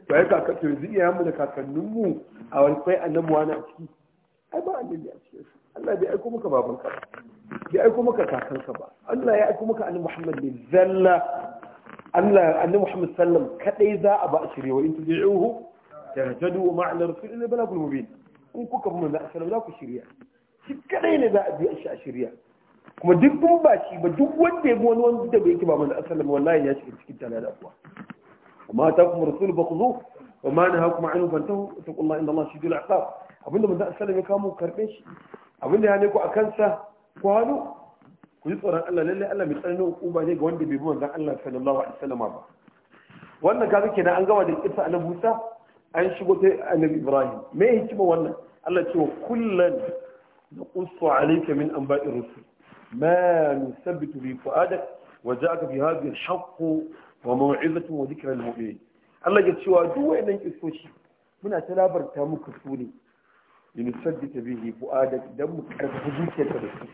ba ai kaka zuwa yanzu da kakanninmu a wani kai annabi wani a ciki ai ba annabi a cikin su Allah bai aiko maka babanka bai aiko maka kakanka ba Allah ya aiko maka annabi Muhammad ne zalla Allah annabi Muhammad sallam kadai za a ba shirye wa in tudi'uhu tahtadu ma'ana rasulil balagul mubin in kuka mun da sallam za ku shirya shi kadai ne za a bi shi a shirya kuma duk kun ba shi ba duk wanda ya bi wani wanda bai yake ba manzo sallam wallahi ya shiga cikin tana da kuwa amma ta kuma rasul ba ku zo wa ma ma anhu fantahu taqullaha inna allaha shadidul iqab abinda manzo sallallahu ya kamo karbe shi abinda ya ne ku akan sa ku hadu ku ji tsoron Allah lalle Allah mai tsananin hukuma ne ga wanda bai bi manzon Allah sallallahu alaihi wasallam ba wannan kaga kenan an gama da kissa na Musa an shigo ta annabi Ibrahim me ya hikima wannan Allah ce wa kullan نقص عليك من أنباء الرسل ما نثبت به فؤادك وجاءك في هذه الحق وموعظة وذكرى للمؤمنين Allah ya cewa duk wayannan isoshi muna ta labarta muku su ne in saddika bihi fuada idan mu karfafa zuciyarka da su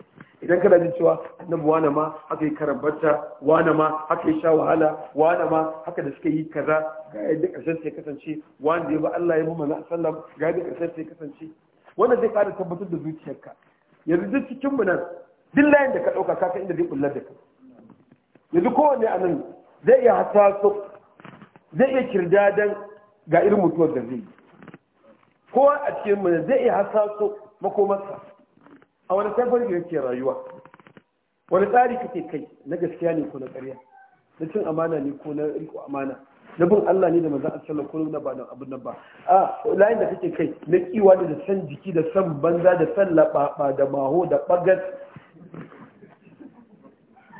idan kana jin cewa annabi wani ma haka yi karambata wani ma haka yi sha wahala wani ma haka da suka yi kaza ga yadda karshen sai kasance wani ya ba Allah ya bi mana sallam ga yadda sai kasance wannan zai fara tabbatar da zuciyarka yanzu duk cikin mu nan duk layin da ka ɗauka ka inda zai bullar da kai yanzu kowanne a nan zai iya hasaso zai iya kirdadan ga irin mutuwar da zai yi kowa a cikin mu zai iya hasaso makomarsa a wani tafar da yake rayuwa wani tsari kake kai na gaskiya ne ko na ƙarya na cin amana ne ko na riko amana na bin Allah ne da manzon Allah sallallahu alaihi wasallam ba abun nan ba a layin da kake kai na kiwa da san jiki da san banza da san laɓaɓa da maho da bagas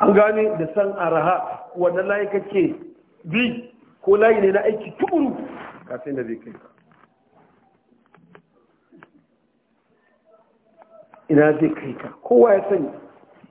an gane da san araha wannan layi kake bi ko layi ne na aiki tukuru kafin da zai kai ka ina zai kai ka kowa ya sani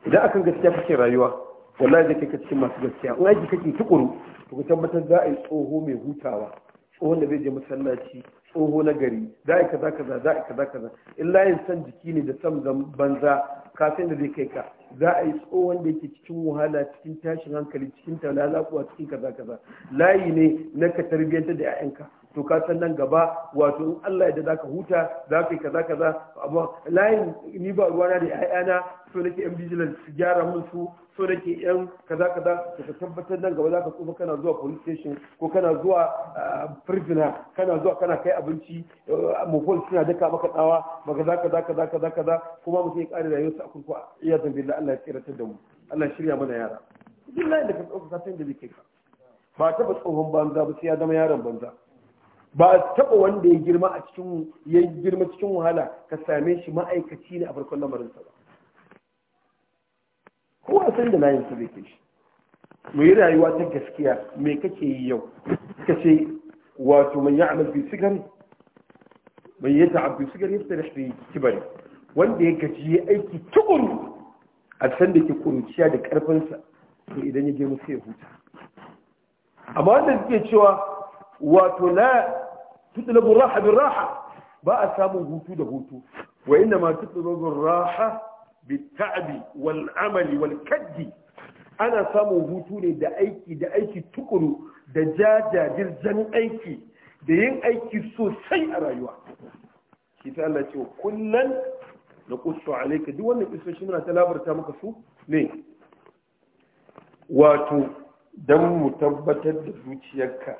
idan akan gaskiya kake rayuwa wallahi zai kai ka cikin masu gaskiya in aiki kake tukuru to ka tabbatar za a yi tsoho mai hutawa tsohon zai je masallaci tsoho na gari za a kaza kaza za a kaza kaza in layin san jiki ne da san banza kafin da zai kai ka za a yi tsohon da yake cikin wahala cikin tashin hankali cikin talala kuwa cikin kaza kaza layi ne na ka tarbiyyantar da 'ya'yanka to ka san nan gaba wato in Allah yadda zaka huta zaka yi kaza kaza amma layin ni ba ruwana da ƴaƴana so nake yan vigilance su gyara mun su so nake yan kaza kaza ka tabbatar nan gaba zaka tsufa kana zuwa police station ko kana zuwa ah, prisoner kana zuwa kana kai abinci ah, police suna daka maka tsawa maka za kaza kaza kaza kaza kuma mu sai kare rayuwarsa a kurkuku iya zan da Allah ya tsiratar da mu Allah shirya mana yara duk layin da ka tsofa ka san da zai kai ka ba taba tsohon banza ba sai ya zama yaron banza ba a taɓa wanda ya girma a cikin ya girma cikin wahala ka same shi ma'aikaci ne a farkon lamarinsa ba kowa san da layin su zai shi mu yi rayuwa ta gaskiya me kake yi yau ka ce wato man ya amal bi sigari man ya ta'ab bi sigari ya tsare shi kibari wanda ya gaji ya aiki tukuru a san da ke kunciya da karfinsa to idan ya je musu ya huta amma wanda suke cewa wato la tutlabu raha bin raha ba a samun hutu da hutu wa inna ma tutlabu raha bi ta'bi wal amali wal kaddi ana samun hutu ne da aiki da aiki tukuru da jajajirjan aiki da yin aiki sosai a rayuwa shi ta Allah ce kullun na kusu alaika duk wannan kisoshi muna ta labarta maka su ne wato don mu tabbatar da zuciyarka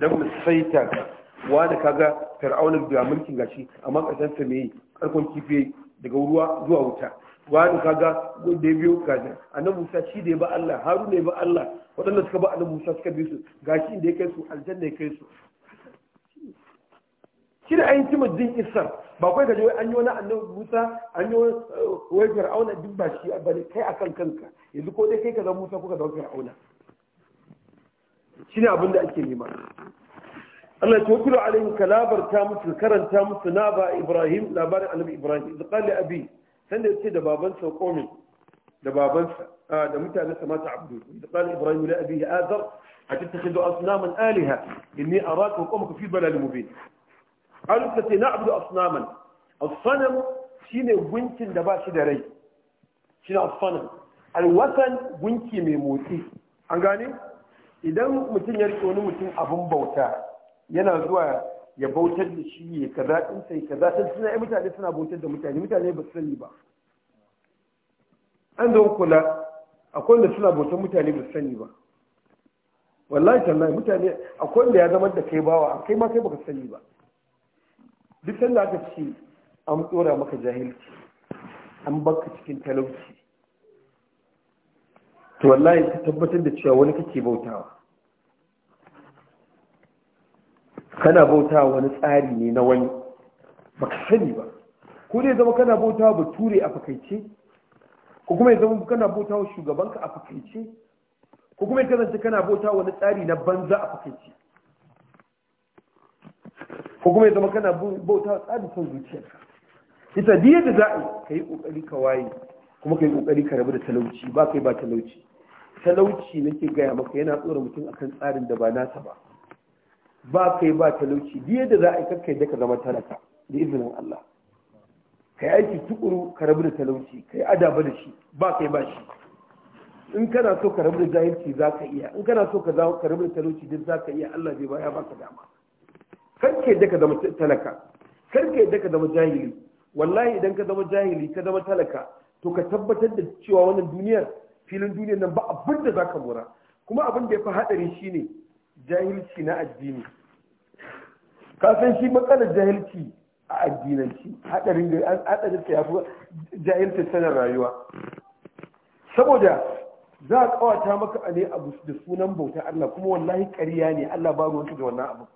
don mu saita ka wani kaga fir'auna da mulkin gashi amma karshen sa me karkon kife daga ruwa zuwa wuta wani kaga gode biyo gashi annabi Musa shi da ya ba Allah Haruna ya ba Allah waɗanda suka ba annabi Musa suka bi su gashi da ya kai su aljanna ya kai su shi da ayin timar din isar ba kai ka je an yi wani annabi Musa an yi eh, wai fir'auna duk ba shi ba kai akan kanka yanzu ko dai kai ka zama Musa ko ka zama fir'auna shine abin da ake nema Allah ya tawakkulu alaihim ka labarta musu karanta musu naba ba Ibrahim labarin annabi Ibrahim da qala abi sanda da babansa qomin da babansa da mutanen sa mata abdu da qala Ibrahim la abi azar atattakhidhu asnaman alaha inni araka wa qawmaka fi dalal mubin qalu fati na'budu asnaman as-sanam shine gunkin da ba da rai shine wasan gunki mai motsi an gane idan mutum ya rike wani mutum abin bauta yana zuwa ya bautar da shi ya kaza in sai kaza sai suna yi mutane suna bautar da mutane mutane ba su sani ba an da kula akwai da suna bautar mutane ba su sani ba wallahi tallahi mutane akwai da ya zama da kai bawa kai ma kai baka sani ba duk sanda aka ce an tsora maka jahilci an baka cikin talauci to wallahi ka tabbatar da cewa wani kake bautawa kana bauta wani tsari ne na wani baka sani ba ko dai zama kana bauta ba ture a fakaice ko kuma ya zama kana bauta wa shugabanka a fakaice ko kuma ya kasance kana bauta wani tsari na banza a fakaice ko kuma ya zama kana bauta tsarin son zuciyarka ita diya da za'a ka yi ƙoƙari ka waye kuma ka yi ƙoƙari ka rabu da talauci ba kai ba talauci talauci nake gaya maka yana tsora mutum akan tsarin da ba nasa ba ba kai ba talauci biye da za a yi kakkai da ka zama talaka da izinin Allah ka yi aiki tukuru ka rabu da talauci ka yi adaba da shi ba kai ba shi in kana so ka rabu da jahilci za ka iya in kana so ka rabu da talauci duk za ka iya Allah zai baya baka dama karke da ka zama talaka karke da ka zama jahili wallahi idan ka zama jahili ka zama talaka to ka tabbatar da cewa wannan duniyar filin duniyar nan ba abin da za ka mora kuma abin da ya fi haɗari shine jahilci na addini kasan shi matsalar jahilci a addinanci hadarin da an ya fi jahilci sanar rayuwa saboda za a kawata maka a ne abu da sunan bauta Allah kuma wallahi ƙariya ne Allah ba ruwansu da wannan abu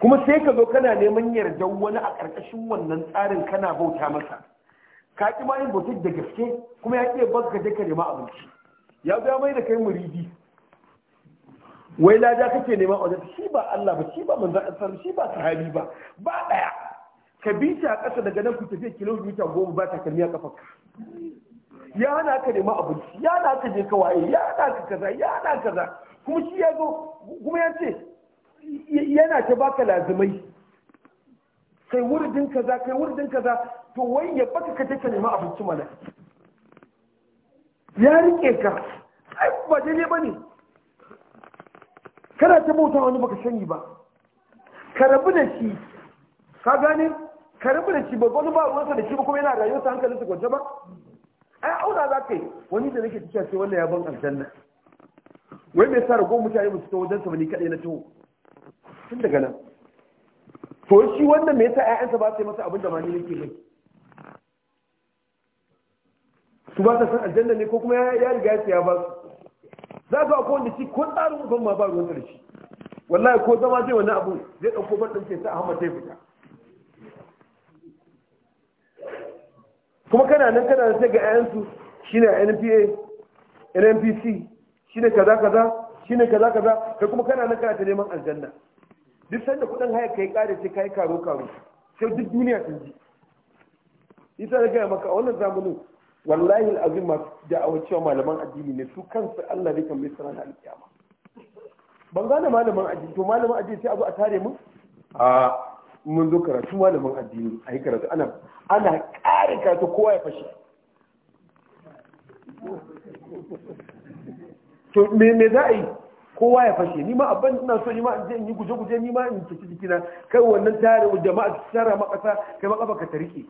kuma sai ka zo kana neman yardar wani a ƙarƙashin wannan tsarin kana bauta masa ka ƙi ma yin bautar da gaske kuma ya ƙi baka da ka nema abinci ya zama mai da kai muridi wai ja kake neman wajen shi ba Allah ba shi ba manzo asar shi ba sahabi ba ba daya ka bi a ƙasa daga nan ku tafiya kilomita goma ba ta kalmiya kafarka ya hana ka nema abinci ya hana ka je ka waye ya hana ka kaza ya hana kaza kuma shi ya zo kuma ya ce yana ta baka lazimai kai wurdin kaza kai wurdin kaza to wai ya baka ka take nema abinci mana ya rike ka ai ba daidai bane kana ta bauta wani baka sani ba ka rabu da shi ka gane ka rabu da shi ba wani ba ruwansa da shi ba kuma yana ta hankalin su kwance ba ai auna za ka yi wani da nake cikin sai wannan ya ban aljanna wai mai sa ragon mutane ba su ta wajen samani ba ni kadai na taho tun daga nan to shi wanda me yasa ƴaƴansa ba su yi masa abin da ma ni nake yi su ba ta san aljanna ne ko kuma ya riga ya ba su za ka ko wanda shi ko tsarin mutum ma ba ruwan ƙarshe wallahi ko zama zai wani abu zai ɗauko ban ɗauke sa ahmad yi fita kuma kana nan kana sai ga ayansu shine npa nmpc shine kaza kaza shine kaza kaza kai kuma kana nan kana ta neman aljanna duk sanda kuɗin haya kai ƙare sai kai karo karo sai duk duniya sun ji isa da gaya maka a wannan zamanin wallahi al'azim masu da'awar cewa malaman addini ne su kansu Allah ne kan bisa sana alkiyama ban gane malaman addini to malaman addini sai abu a tare mu a mun zo karatu malaman addini a yi karatu ana ana ƙare karatu kowa ya fashe to me me za a yi kowa ya fashe ni ma abban ina so ni ma in yi guje-guje ni ma in ciki jikina kai wannan tare jama'a tsara makasa kai makafa ka tarike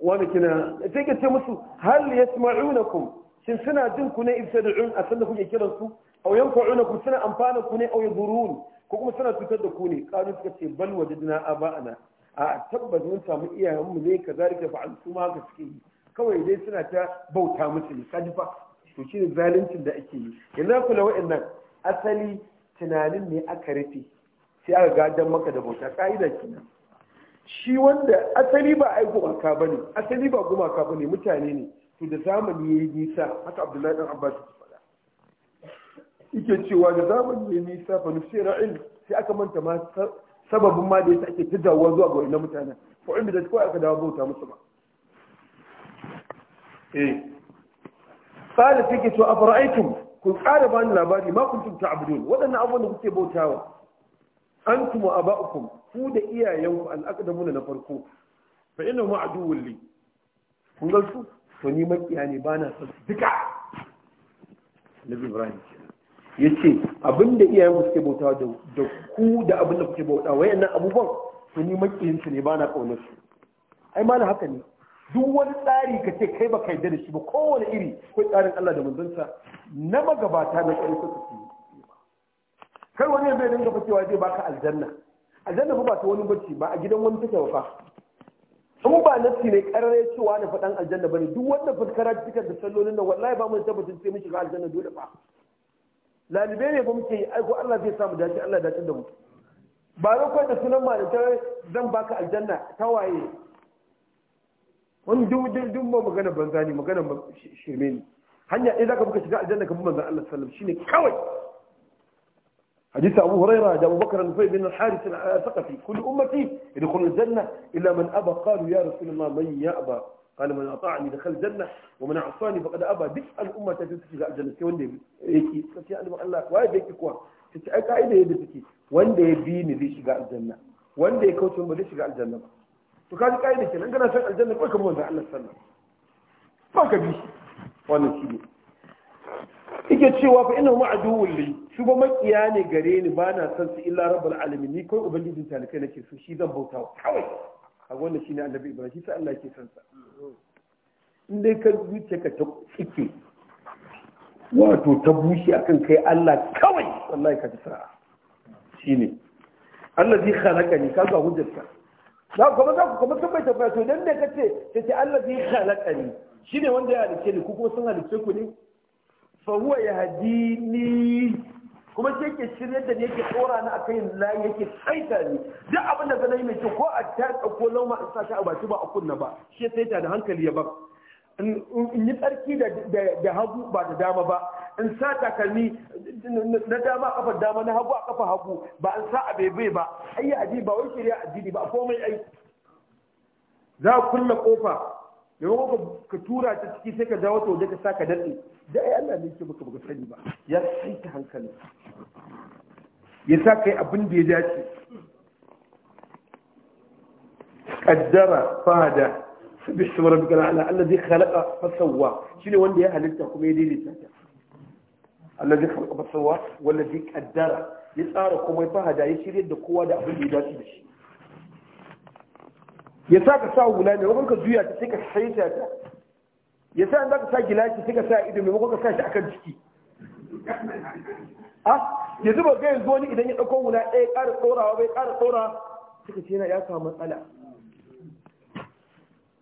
wani kina sai ka ce musu hal yasma'unakum shin suna jin ku ne ibtad'un a sanda kuke kiran su aw yanfa'unakum suna amfana ku ne aw yadurun ko kuma suna cutar da ku ne kalu suka ce bal wajadna aba'ana a tabbas mun samu iyayen mu ne kazalika fa'al suma ka suke yi kawai dai suna ta bauta musu ne kaji fa to shine zaluncin da ake yi yanzu ku la wa'annan asali tunanin ne aka rufe sai aka gadan maka da bauta ka'ida kenan shi wanda asali ba aiko ka bane asali ba ka bane mutane ne to da zamani yayi nisa haka Abdullahi dan Abbas ya faɗa yake cewa da zamani yayi nisa fa nusira ilm sai aka manta ma sababin ma da yasa ake tajawa zuwa ga wannan mutanen fa in da kawai aka dawo bauta musu ba eh qala fiki to afara'aytum kun qala ban labari ma kuntum ta'budun wadannan abubuwan da kuke bautawa antum ba aba'ukum ku da iyayenku al'aqdamuna na farko fa inna ma aduwwul li kun ga su to ni makiya ne bana son su duka Nabi Ibrahim yace abinda iyayenku suke bautawa da ku da abinda kuke bautawa yana abubuwan to ni makiyin su ne bana kaunar su ai ma haka ne duk wani tsari ka ce kai ba yi da shi ba kowane iri ko tsarin Allah da manzansa na magabata na tsari suka kar wani zai dinga fakewa zai baka aljanna aljanna fa ba ta wani bacci ba a gidan wani take wafa in ba nafsi ne karare cewa na faɗan aljanna bane duk wanda fuskara cikin da sallolin nan wallahi ba mu tabbatar sai mun shiga aljanna dole ba lalibe ne ba muke yi aiko Allah zai samu dace Allah dace da mu ba ran kai da sunan ma da ta zan baka aljanna ta waye wani duk duk ba magana banza ne magana shirme ne hanya ɗaya ka buka shiga aljanna bi manzon Allah sallallahu alaihi wasallam shine kawai حديث أبو هريرة أبو بكر النفيع بن الحارث الثقفي كل أمتي يدخلوا الجنة إلا من أبى قالوا يا رسول الله من يأبى قال من أطاعني دخل الجنة ومن عصاني فقد أبى دك الأمة تدخل الجنة والنبي إيكي قلت يا أنبي الله وايد إيكي كوا تتعي قاعدة يدتكي وان دي بيني ذي شقاء الجنة وندي دي كوتهم بذي الجنة فكاد قاعدة كنا أنك نشاء الجنة كوي كمون ذا الله السنة فاك بيش وانا سيدي إيكي إنه فإنه معدو لي su ba makiya ne gare ni ba na san su illa rabbal alamin ni kai ubangijin talikai nake so shi zan bautawa kawai a wannan shine annabi ibrahim sai Allah ke san sa in dai ka zuciya ka ta tsike wato ta bushe akan kai Allah kawai wallahi ka ji sa'a Shi ne. Allah zai halaka ni ka ga hujjarka za ku kuma za ku kuma tabbai tabbaya to dan da kace ta ce Allah zai halaka ni ne wanda ya halice ni ku kuma sun halice ku ne fa huwa yahdini kuma shi ke shirya da ne yake tsora na akan layi yake tsaita ni duk abin da zan mai kyau ko a ta ko lauma in sa shi a baki ba a kunna ba shi ya da hankali ya ba in yi tsarki da hagu ba da dama ba in sa takalmi na dama a dama na hagu a kafa hagu ba in sa a bebe ba ayi addini ba wai shirya addini ba komai ai za a kunna kofa da ko ka tura ta ciki sai ka jawo ta waje ka sa ka daɗe da ai Allah ne ke baka baka sani ba ya saita hankali ya sa kai abin da ya dace qaddara fahada subhanahu wa rabbika ala allazi khalaqa fasawwa shine wanda ya halitta kuma ya daidaita ta allazi khalaqa fasawwa zai qaddara ya tsara kuma ya fahada ya shirye da kowa da abin da ya dace da shi ya sa ka sa hula ne maimakon ka zuya ta sai ka sai ta ya sa za ka sa gilashi sai ka sa ido mai ka sa shi akan ciki a ah, ya zuba ga yanzu wani idan ya ɗauko hula ɗaya ƙara tsorawa bai ƙara tsora suka ce yana ya samu matsala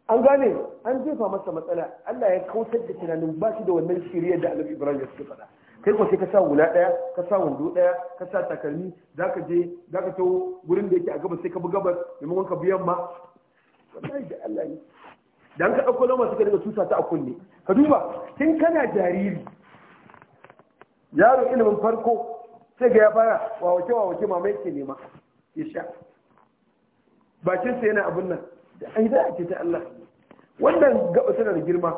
an gane an jefa masa matsala Allah ya kautar da tunanin ba shi da wannan shirya da Alif Ibrahim ya suka faɗa kai ko sai ka sa hula ɗaya ka sa wando ɗaya ka sa takalmi zaka je zaka taho gurin da yake a gabas sai ka bi gabas maimakon ka bi yamma wallahi da Allah ne dan ka dauko loma suka daga tusa ta a kunne ka duba tun kana jariri yaro ilimin farko sai ga ya fara wawace wawace mama yake nema ya sha bakin sa yana abun nan da ai da ake ta Allah wannan gaba suna da girma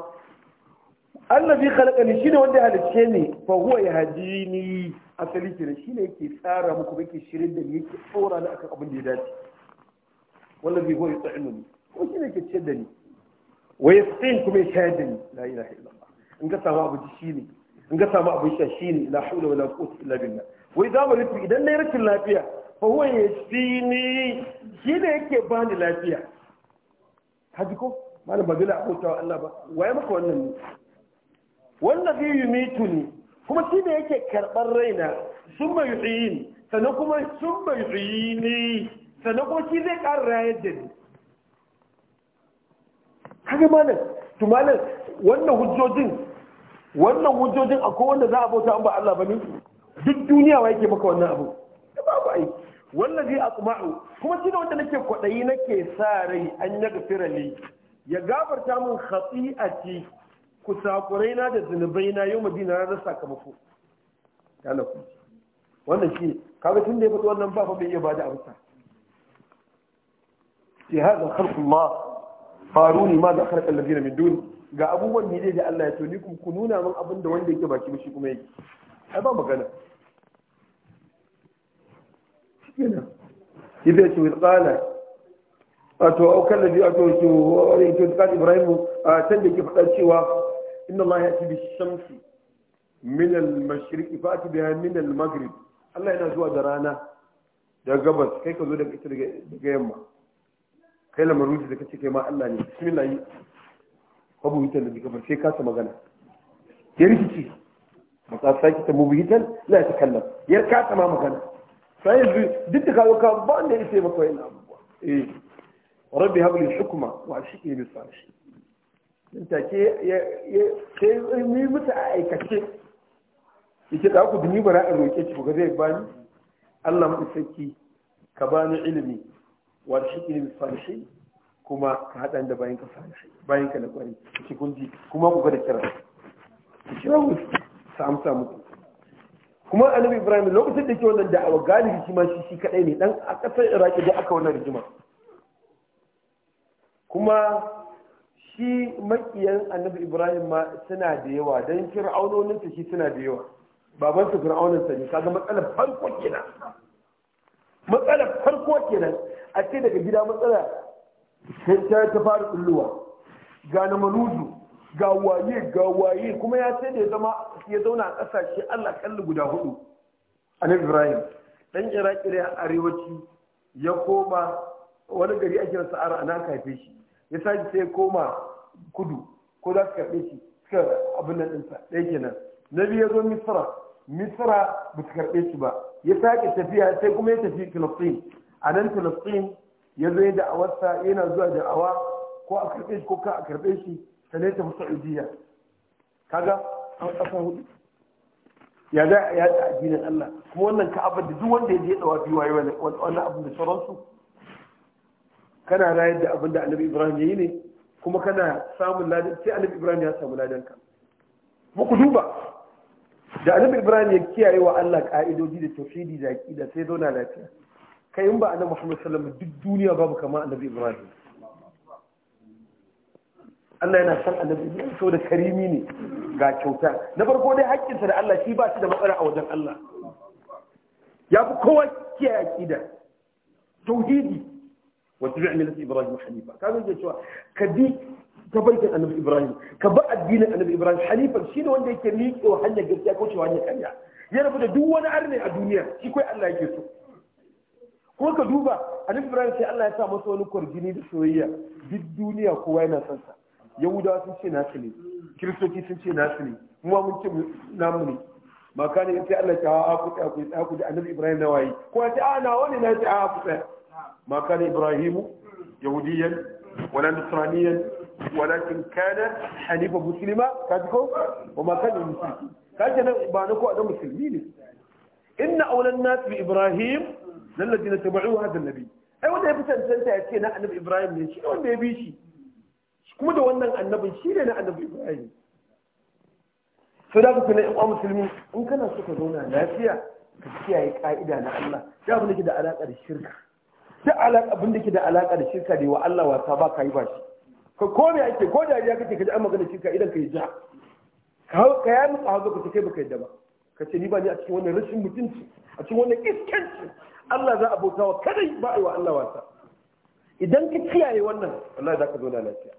Allah bi khalaqani shine wanda ya halicce ni fa huwa yahdini asali shi ne yake tsara muku yake shirin da ni yake tsora ni akan abin da ya dace wallahi huwa yut'imuni ko shi ne ke ciyar da ni wa yasqin kuma ya shayar da ni la ilaha illallah in ga samu abu shi ne in ga samu abu sha shi ne la haula wala quwwata illa billah wai za mu rufe idan na yi rashin lafiya fa huwa yasqini shi ne yake ni lafiya haji ko malam ba dole abota wa Allah ba waye maka wannan ne wannan zai yumitu ne kuma shi ne yake karɓar raina sun mai yi sannan kuma sun mai yi sannan kuma shi zai ƙara rayar da ni kaga malam to malam wannan hujjojin wannan hujjojin akwai wanda za a bauta an ba Allah bane duk duniya wa yake maka wannan abu ba ba ai wannan zai asma'u kuma shi da wanda nake kwadayi nake sa rai an ya gafira ni ya gafarta min khati'ati kusakurai na da zunubai na yau madina na rasa sakamako yana ku wannan shi kaga tun da ya fito wannan ba fa bai iya bada amsa ya hada khalqullah faruni ma za kharqal ladina min duni ga abubuwan da yake da Allah ya to ni ku nuna min abin da wanda yake baki mishi kuma yake ai ba magana kenan yabe ce wa qala wato aukan a wato ce wa ita ta Ibrahim a can da ke faɗa cewa inna Allah ya ci bi shamsi min al-mashriqi fa ati biha min al-maghrib Allah yana zuwa da rana daga gabas kai ka zo daga ita daga yamma kai lamarin da kace kai ma Allah ne bismillah babu hitan da kamar sai kasa magana ya rikici matsatsa ki ta mubi hitan la ya takallam ya kasa ma magana sai yanzu duk da kawo kawo ba wanda ya sai maka wani abubuwa eh rabbi habli hukma wa ashiki bi salih dan take ya ya sai ni mutu a aikace yake da ku dumi bara a roke ki ga zai bani Allah mu saki ka bani ilimi warshi salihin kuma ka haɗa da bayan ka salihin bayan ka na ƙwari. ki kunji kuma ku ga da kira ki kira mu sa amsa muku kuma annabi ibrahim lokacin da ke wannan da'awa galibi shi ma shi shi kadai ne dan a kasar iraki da aka wannan rigima kuma shi makiyan annabi ibrahim ma suna da yawa dan fir'aunonin ta shi suna da yawa baban su fir'aunin sa ne kaga matsalar farko kenan matsalar farko kenan a ce daga gida matsala sai ta ta fara kulluwa ga na manudu ga waye ga waye kuma ya sai da ya zama ya zauna a ƙasashe Allah kalli guda hudu annabi Ibrahim dan Iraki a arewaci ya koma wani gari ake rasa ara ana kafe shi ya sake sai koma kudu ko za su karɓe shi suka abin nan ɗinsa ɗaya kenan na biyu ya zo misra misra ba su karɓe shi ba ya sake tafiya sai kuma ya tafi filistin a nan filistin ya zo da awarsa yana zuwa da awa ko a karɓe shi ko ka a karɓe shi ta ne ta saudiya kaga an ƙasa hudu ya za a yada addinin Allah kuma wannan abin da duk wanda ya je dawa biyu waye wannan abin da sauransu kana rayar da abin da Annabi Ibrahim yi ne kuma kana samun ladan sai Annabi Ibrahim ya samu ladan ka muku ku duba da Annabi Ibrahim ya kiyaye wa Allah ka'idoji da tauhidi da aqida sai zauna lafiya kai in ba annabi Muhammad sallallahu duk duniya babu kama annabi Ibrahim Allah yana san annabi Ibrahim da karimi ne ga kyauta na farko dai haƙƙinsa da Allah shi ba shi da matsala a wajen Allah ya fi kowa kiyaye aqida tauhidi wa tabi'a millati Ibrahim hanifa ka ga cewa ka bi tabbacin annabi Ibrahim ka ba addinin annabi Ibrahim hanifa shi ne wanda yake miƙewa hanyar gaskiya ko cewa hanyar karya. ya rabu da duk wani arne a duniya shi kai Allah yake so ko ka duba annabi ibrahim sai Allah ya sa masa wani kwarjini da soyayya duk duniya kowa yana son sa yahudawa sun ce nasu ne kiristoci sun ce nasu ne kuma mun ce namu ne ma kana yace Allah ce a ku ta ku ta ku da annabi ibrahim na wayi ko ya ce a na wani na ce a ku ta ma kana ibrahim yahudiyan wala nasraniyan walakin kana hanifa muslima kaji ko wa ma ne muslimi Ka nan ba na ko a da musulmi ne inna awlan nas ibrahim lallaji na tabi'u hada nabi ai wanda ya fi cancanta ya ce na annabi ibrahim ne shi wanda ya bi shi kuma da wannan annabin shi ne na annabi ibrahim sai da kuka na yan musulmi in kana so ka zauna lafiya ka kiyaye ka'ida na Allah da abin da ke da alaƙa da shirka da alaƙa abin da ke da alaƙa da shirka da wa Allah wasa ba ka yi ba shi ka ko me ake ko dariya kace ka ji an magana shirka idan ka yi ja ka ya mutsa hazo ka ce kai baka yadda ba ka ce ni ba ni a cikin wannan rashin mutunci a cikin wannan iskanci Allah za a bauta wa kadai ba a wa Allah wasa idan ka kiyaye wannan Allah za ka zo lafiya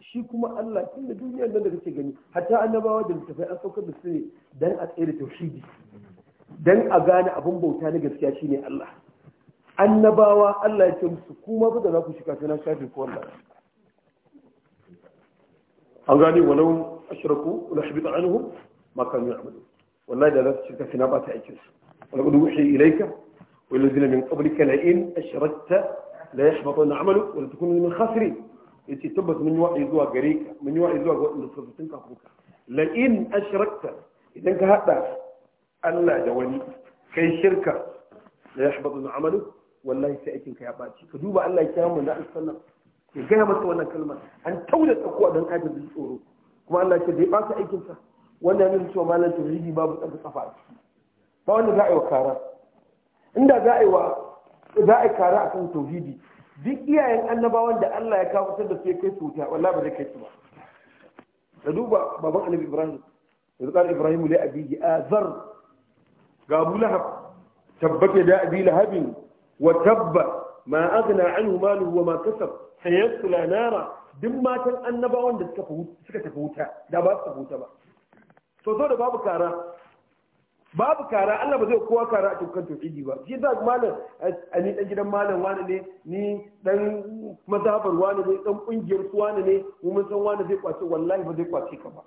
shi kuma Allah tun da duniyar nan da kake gani hatta annabawa da littafai an saukar da su ne dan a tsere tauhidi dan a gane abin bauta na gaskiya shine Allah annabawa Allah ya ce musu kuma ba za ku shiga tana shafi ko Allah an gane walau ashraku la habita anhum ma kanu ya'malu wallahi da za su shirka fina ba ta aikin su wala qad wuhi ilayka والذين من قبلك لئن أشركت لا يحبطن عملك ولا تكون من الخاسرين yace tabbas mun yi wa'azi zuwa gare ka mun yi wa'azi zuwa ga wanda suka tun kafin ka la in idan ka hada Allah da wani kai shirka la yahbatu amalu wallahi sai aikin ya baci ka duba Allah ya kira mu da sallam gaya masa wannan kalma an tauda tsakuwa dan adam da kuma Allah ya ce bai bata aikin sa wannan ne cewa malam tauhidi babu tsafa a ba za a yi wa kara inda za a yi za a yi kara a kan tauhidi duk iyayen annabawan da Allah ya kawo da su ya kai su ta wallahi ba zai kai su ba da duba baban annabi ibrahim da zakar ibrahim lai abiji azar ga abu lahab tabbata da abi lahabin wa tabba ma aghna anhu maluhu wa ma kasab sayasla nara duk matan annabawan da suka tafi wuta da ba su tafi wuta ba so da babu kara babu kara Allah ba zai kowa kara a cikin tauhidi ba shi da malam a ni dan gidan malam wani ne ni dan mazhabar wani ne dan kungiyar su wani ne mu mun san wani zai kwace wallahi ba zai kwace ka ba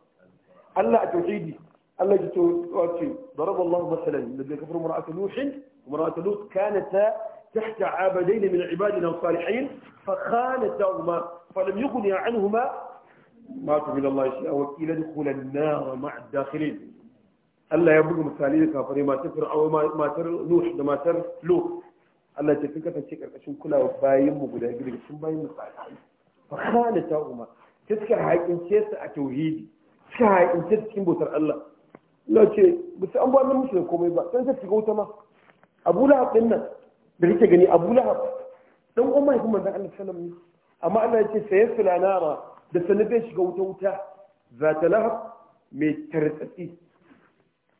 Allah a tauhidi Allah ya tauhidi daraba Allah masalan ladai kafar mar'atu nuh mar'atu lut kanata تحت عابدين من عبادنا الصالحين فخانتهما فلم يغني عنهما ماتوا من الله شيئا وقيل ادخل النار مع الداخلين Allah ya buga misali da kafare matar fir'auna matar nuh da matar lut Allah ta kika tace karkashin kulawa bayin mu guda biyu sun bayin mu tsaka fa kana ta umma tiskar haƙin ce a tauhidi suka haƙin ce cikin bautar Allah Allah ce ba su an ba nan musu da komai ba san ta shiga wuta ma Abu Lahab din nan da kake gani Abu Lahab dan umma kuma manzon Allah sallallahu alaihi wasallam amma Allah ya ce sayasla nara da sanadin shiga wuta wuta za ta lahab mai tartsatsi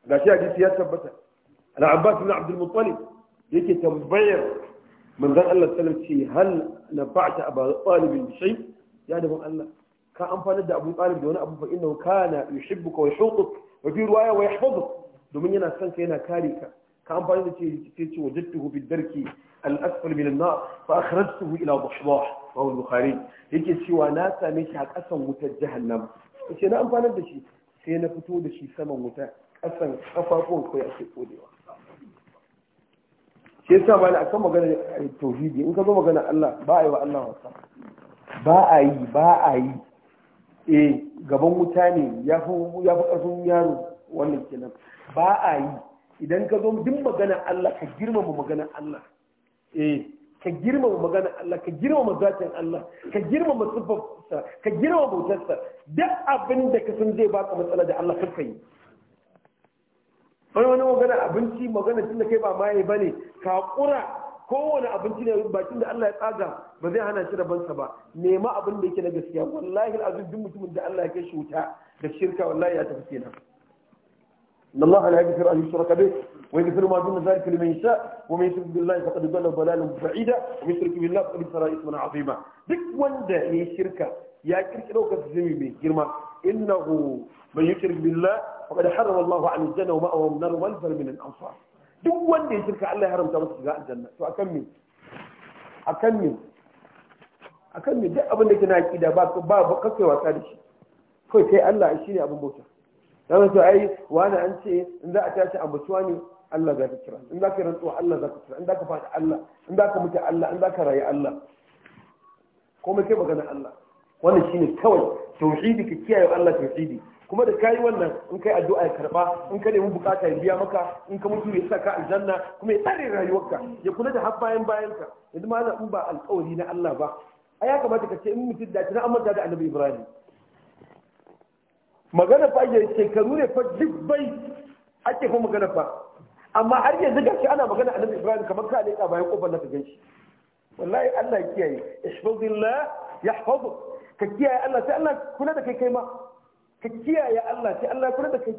gashi hadisi ya tabbata al abbas ibn abdul muttalib yake tambayar manzon Allah sallallahu alaihi wasallam ce hal nafa'ta abu talib bi shay ya da Allah ka amfanar da abu talib da wani abu fa innahu kana yuhibbuka wa yuhibbuka wa fi riwaya wa yahfazuk domin yana son ka yana kare ka ka amfani da ce ce ce wajadtuhu bi darki al-asfal min an-nar fa akhrajtuhu ila dhahdah wa al-bukhari yake cewa na same shi a kasan wutar jahannam yace na amfanar da shi sai na fito da shi saman wuta kasan ko ya ake kodewa shi yasa ba akan magana tauhidi in ka zo magana Allah ba a yi wa Allah wasa ba a yi ba a yi eh gaban wuta ne ya fi ƙarfin yaro wannan kenan ba a yi idan ka zo duk magana Allah ka girmama magana Allah eh ka girmama magana Allah ka girmama zatin Allah ka girmama sifarsa ka girmama bautarsa duk abin da ka san zai baka matsala da Allah kanka yi wani wani magana abinci magana tun da kai ba maye ba ne ka ƙura kowane abinci ne bakin da Allah ya tsaga ba zai hana shi rabansa ba nema abin da yake na gaskiya wallahi al'azim duk mutumin da Allah ya kai shi wuta da shirka wallahi ya tafi kenan ان الله لا يغفر ان يشرك به ويغفر ما دون ذلك لمن يشاء ومن يشرك بالله فقد ضل ضلالا بعيدا ومن يشرك بالله فقد افترى اثما عظيما duk wanda ya shirka ya kirkiro ka zumi mai girma innahu man yushrik billah faqad harrama Allahu an aljanna wa ma'awahum nar wal far min al-ansar duk wanda ya shirka Allah ya haramta masa shiga aljanna to akan me akan me akan me duk abin da kina aqida ba ba kakai wasa da shi kai kai Allah shi ne abin bauta dan to ai wani an ce in za a tashi ambaci ne Allah za ka kira in za ka rantsuwa Allah za ka kira in za ka faɗi Allah in za ka mutu Allah in za ka Allah kai Allah kawai ka kiyaye Allah tauhidi kuma da kayi wannan in kai addu'a ya karba in ka nemi bukata ya biya maka in ka mutu ya saka aljanna kuma ya tsare rayuwarka ya kula da har bayan bayanka yanzu ma in ba alƙawari na Allah ba a ya kamata ka ce in mutum da tana amanta da annabi Ibrahim magana fa ya shekaru ne fa duk bai ake kuma magana fa amma har yanzu ga shi ana magana annabi Ibrahim kamar ka leƙa bayan kofar na ka ganshi wallahi Allah ya kiyaye ihfazillah yahfazuk ka kiyaye Allah sai Allah kula da kai kai ma ka kiyaye Allah sai Allah ya kula da kai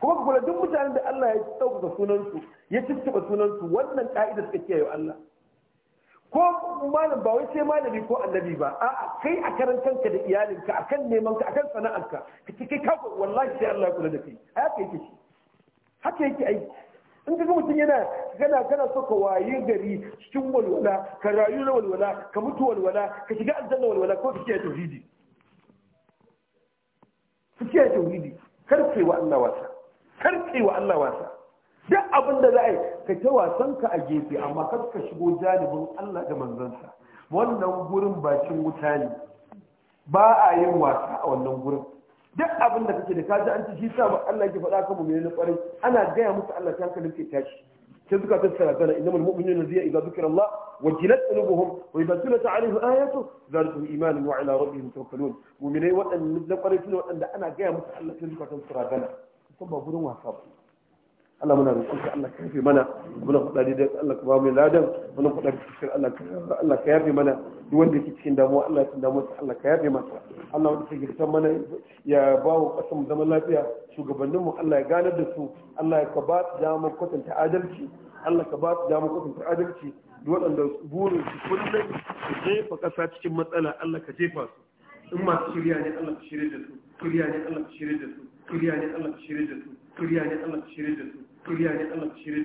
kuma ka kula duk mutanen da Allah ya ɗaukaka sunansu ya tuntuɓa sunansu wannan ka'ida suka kiyaye Allah ko malam ba wai sai malami ko annabi ba a kai a karan kanka da iyalinka akan neman ka akan sana'arka ka ci kai kafa wallahi sai Allah ya kula da kai haka yake shi haka yake aiki in ka ga mutum yana kana kana so ka waye gari cikin walwala ka rayu na walwala ka mutu walwala ka shiga aljanna walwala ko ka kiyaye tauhidi Su ce tauhidi kar wa Allah wasa kar wa Allah wasa duk abin da za a yi ka ce wasan ka a gefe amma kar ka shigo jalibin Allah da manzansa wannan gurin bakin wuta ne ba a yin wasa a wannan gurin duk abin da kake da kaji an ci shi sa Allah ke faɗa ka mu ne na ƙwarai ana gaya musu Allah ta hankalin ke tashi sai suka tattara tana innamal mu'minuna zai idza dhukira Allah wajilat qulubuhum wa idza tulat alaihim ayatu zalikum imanun wa ala rabbihim tawakkalun mu'minai waɗannan na kwarai suna waɗanda ana gaya musu Allah sai suka tattara tana sun ba gurin wasa ba Allah muna roƙon ka Allah ka yafe mana muna faɗa da Allah ka ba mu ladan muna faɗa da cikin Allah ka Allah ka yafe mana duk wanda yake cikin damuwa Allah ya damu ta Allah ka yafe masa Allah wanda yake cikin mana ya ba mu kasan zaman lafiya shugabannin mu Allah ya ganar da su Allah ya ka ba su damar kwatanta adalci Allah ka ba su damar kwatanta adalci duk waɗanda burin su kullum su jefa ƙasa cikin matsala Allah ka jefa su in masu shirya ne Allah ka shirya da su shirya ne Allah ka shirya da su shirya ne Allah ka shirya da su ƙarya ne Allah ka shirye da su ƙarya ne Allah shirye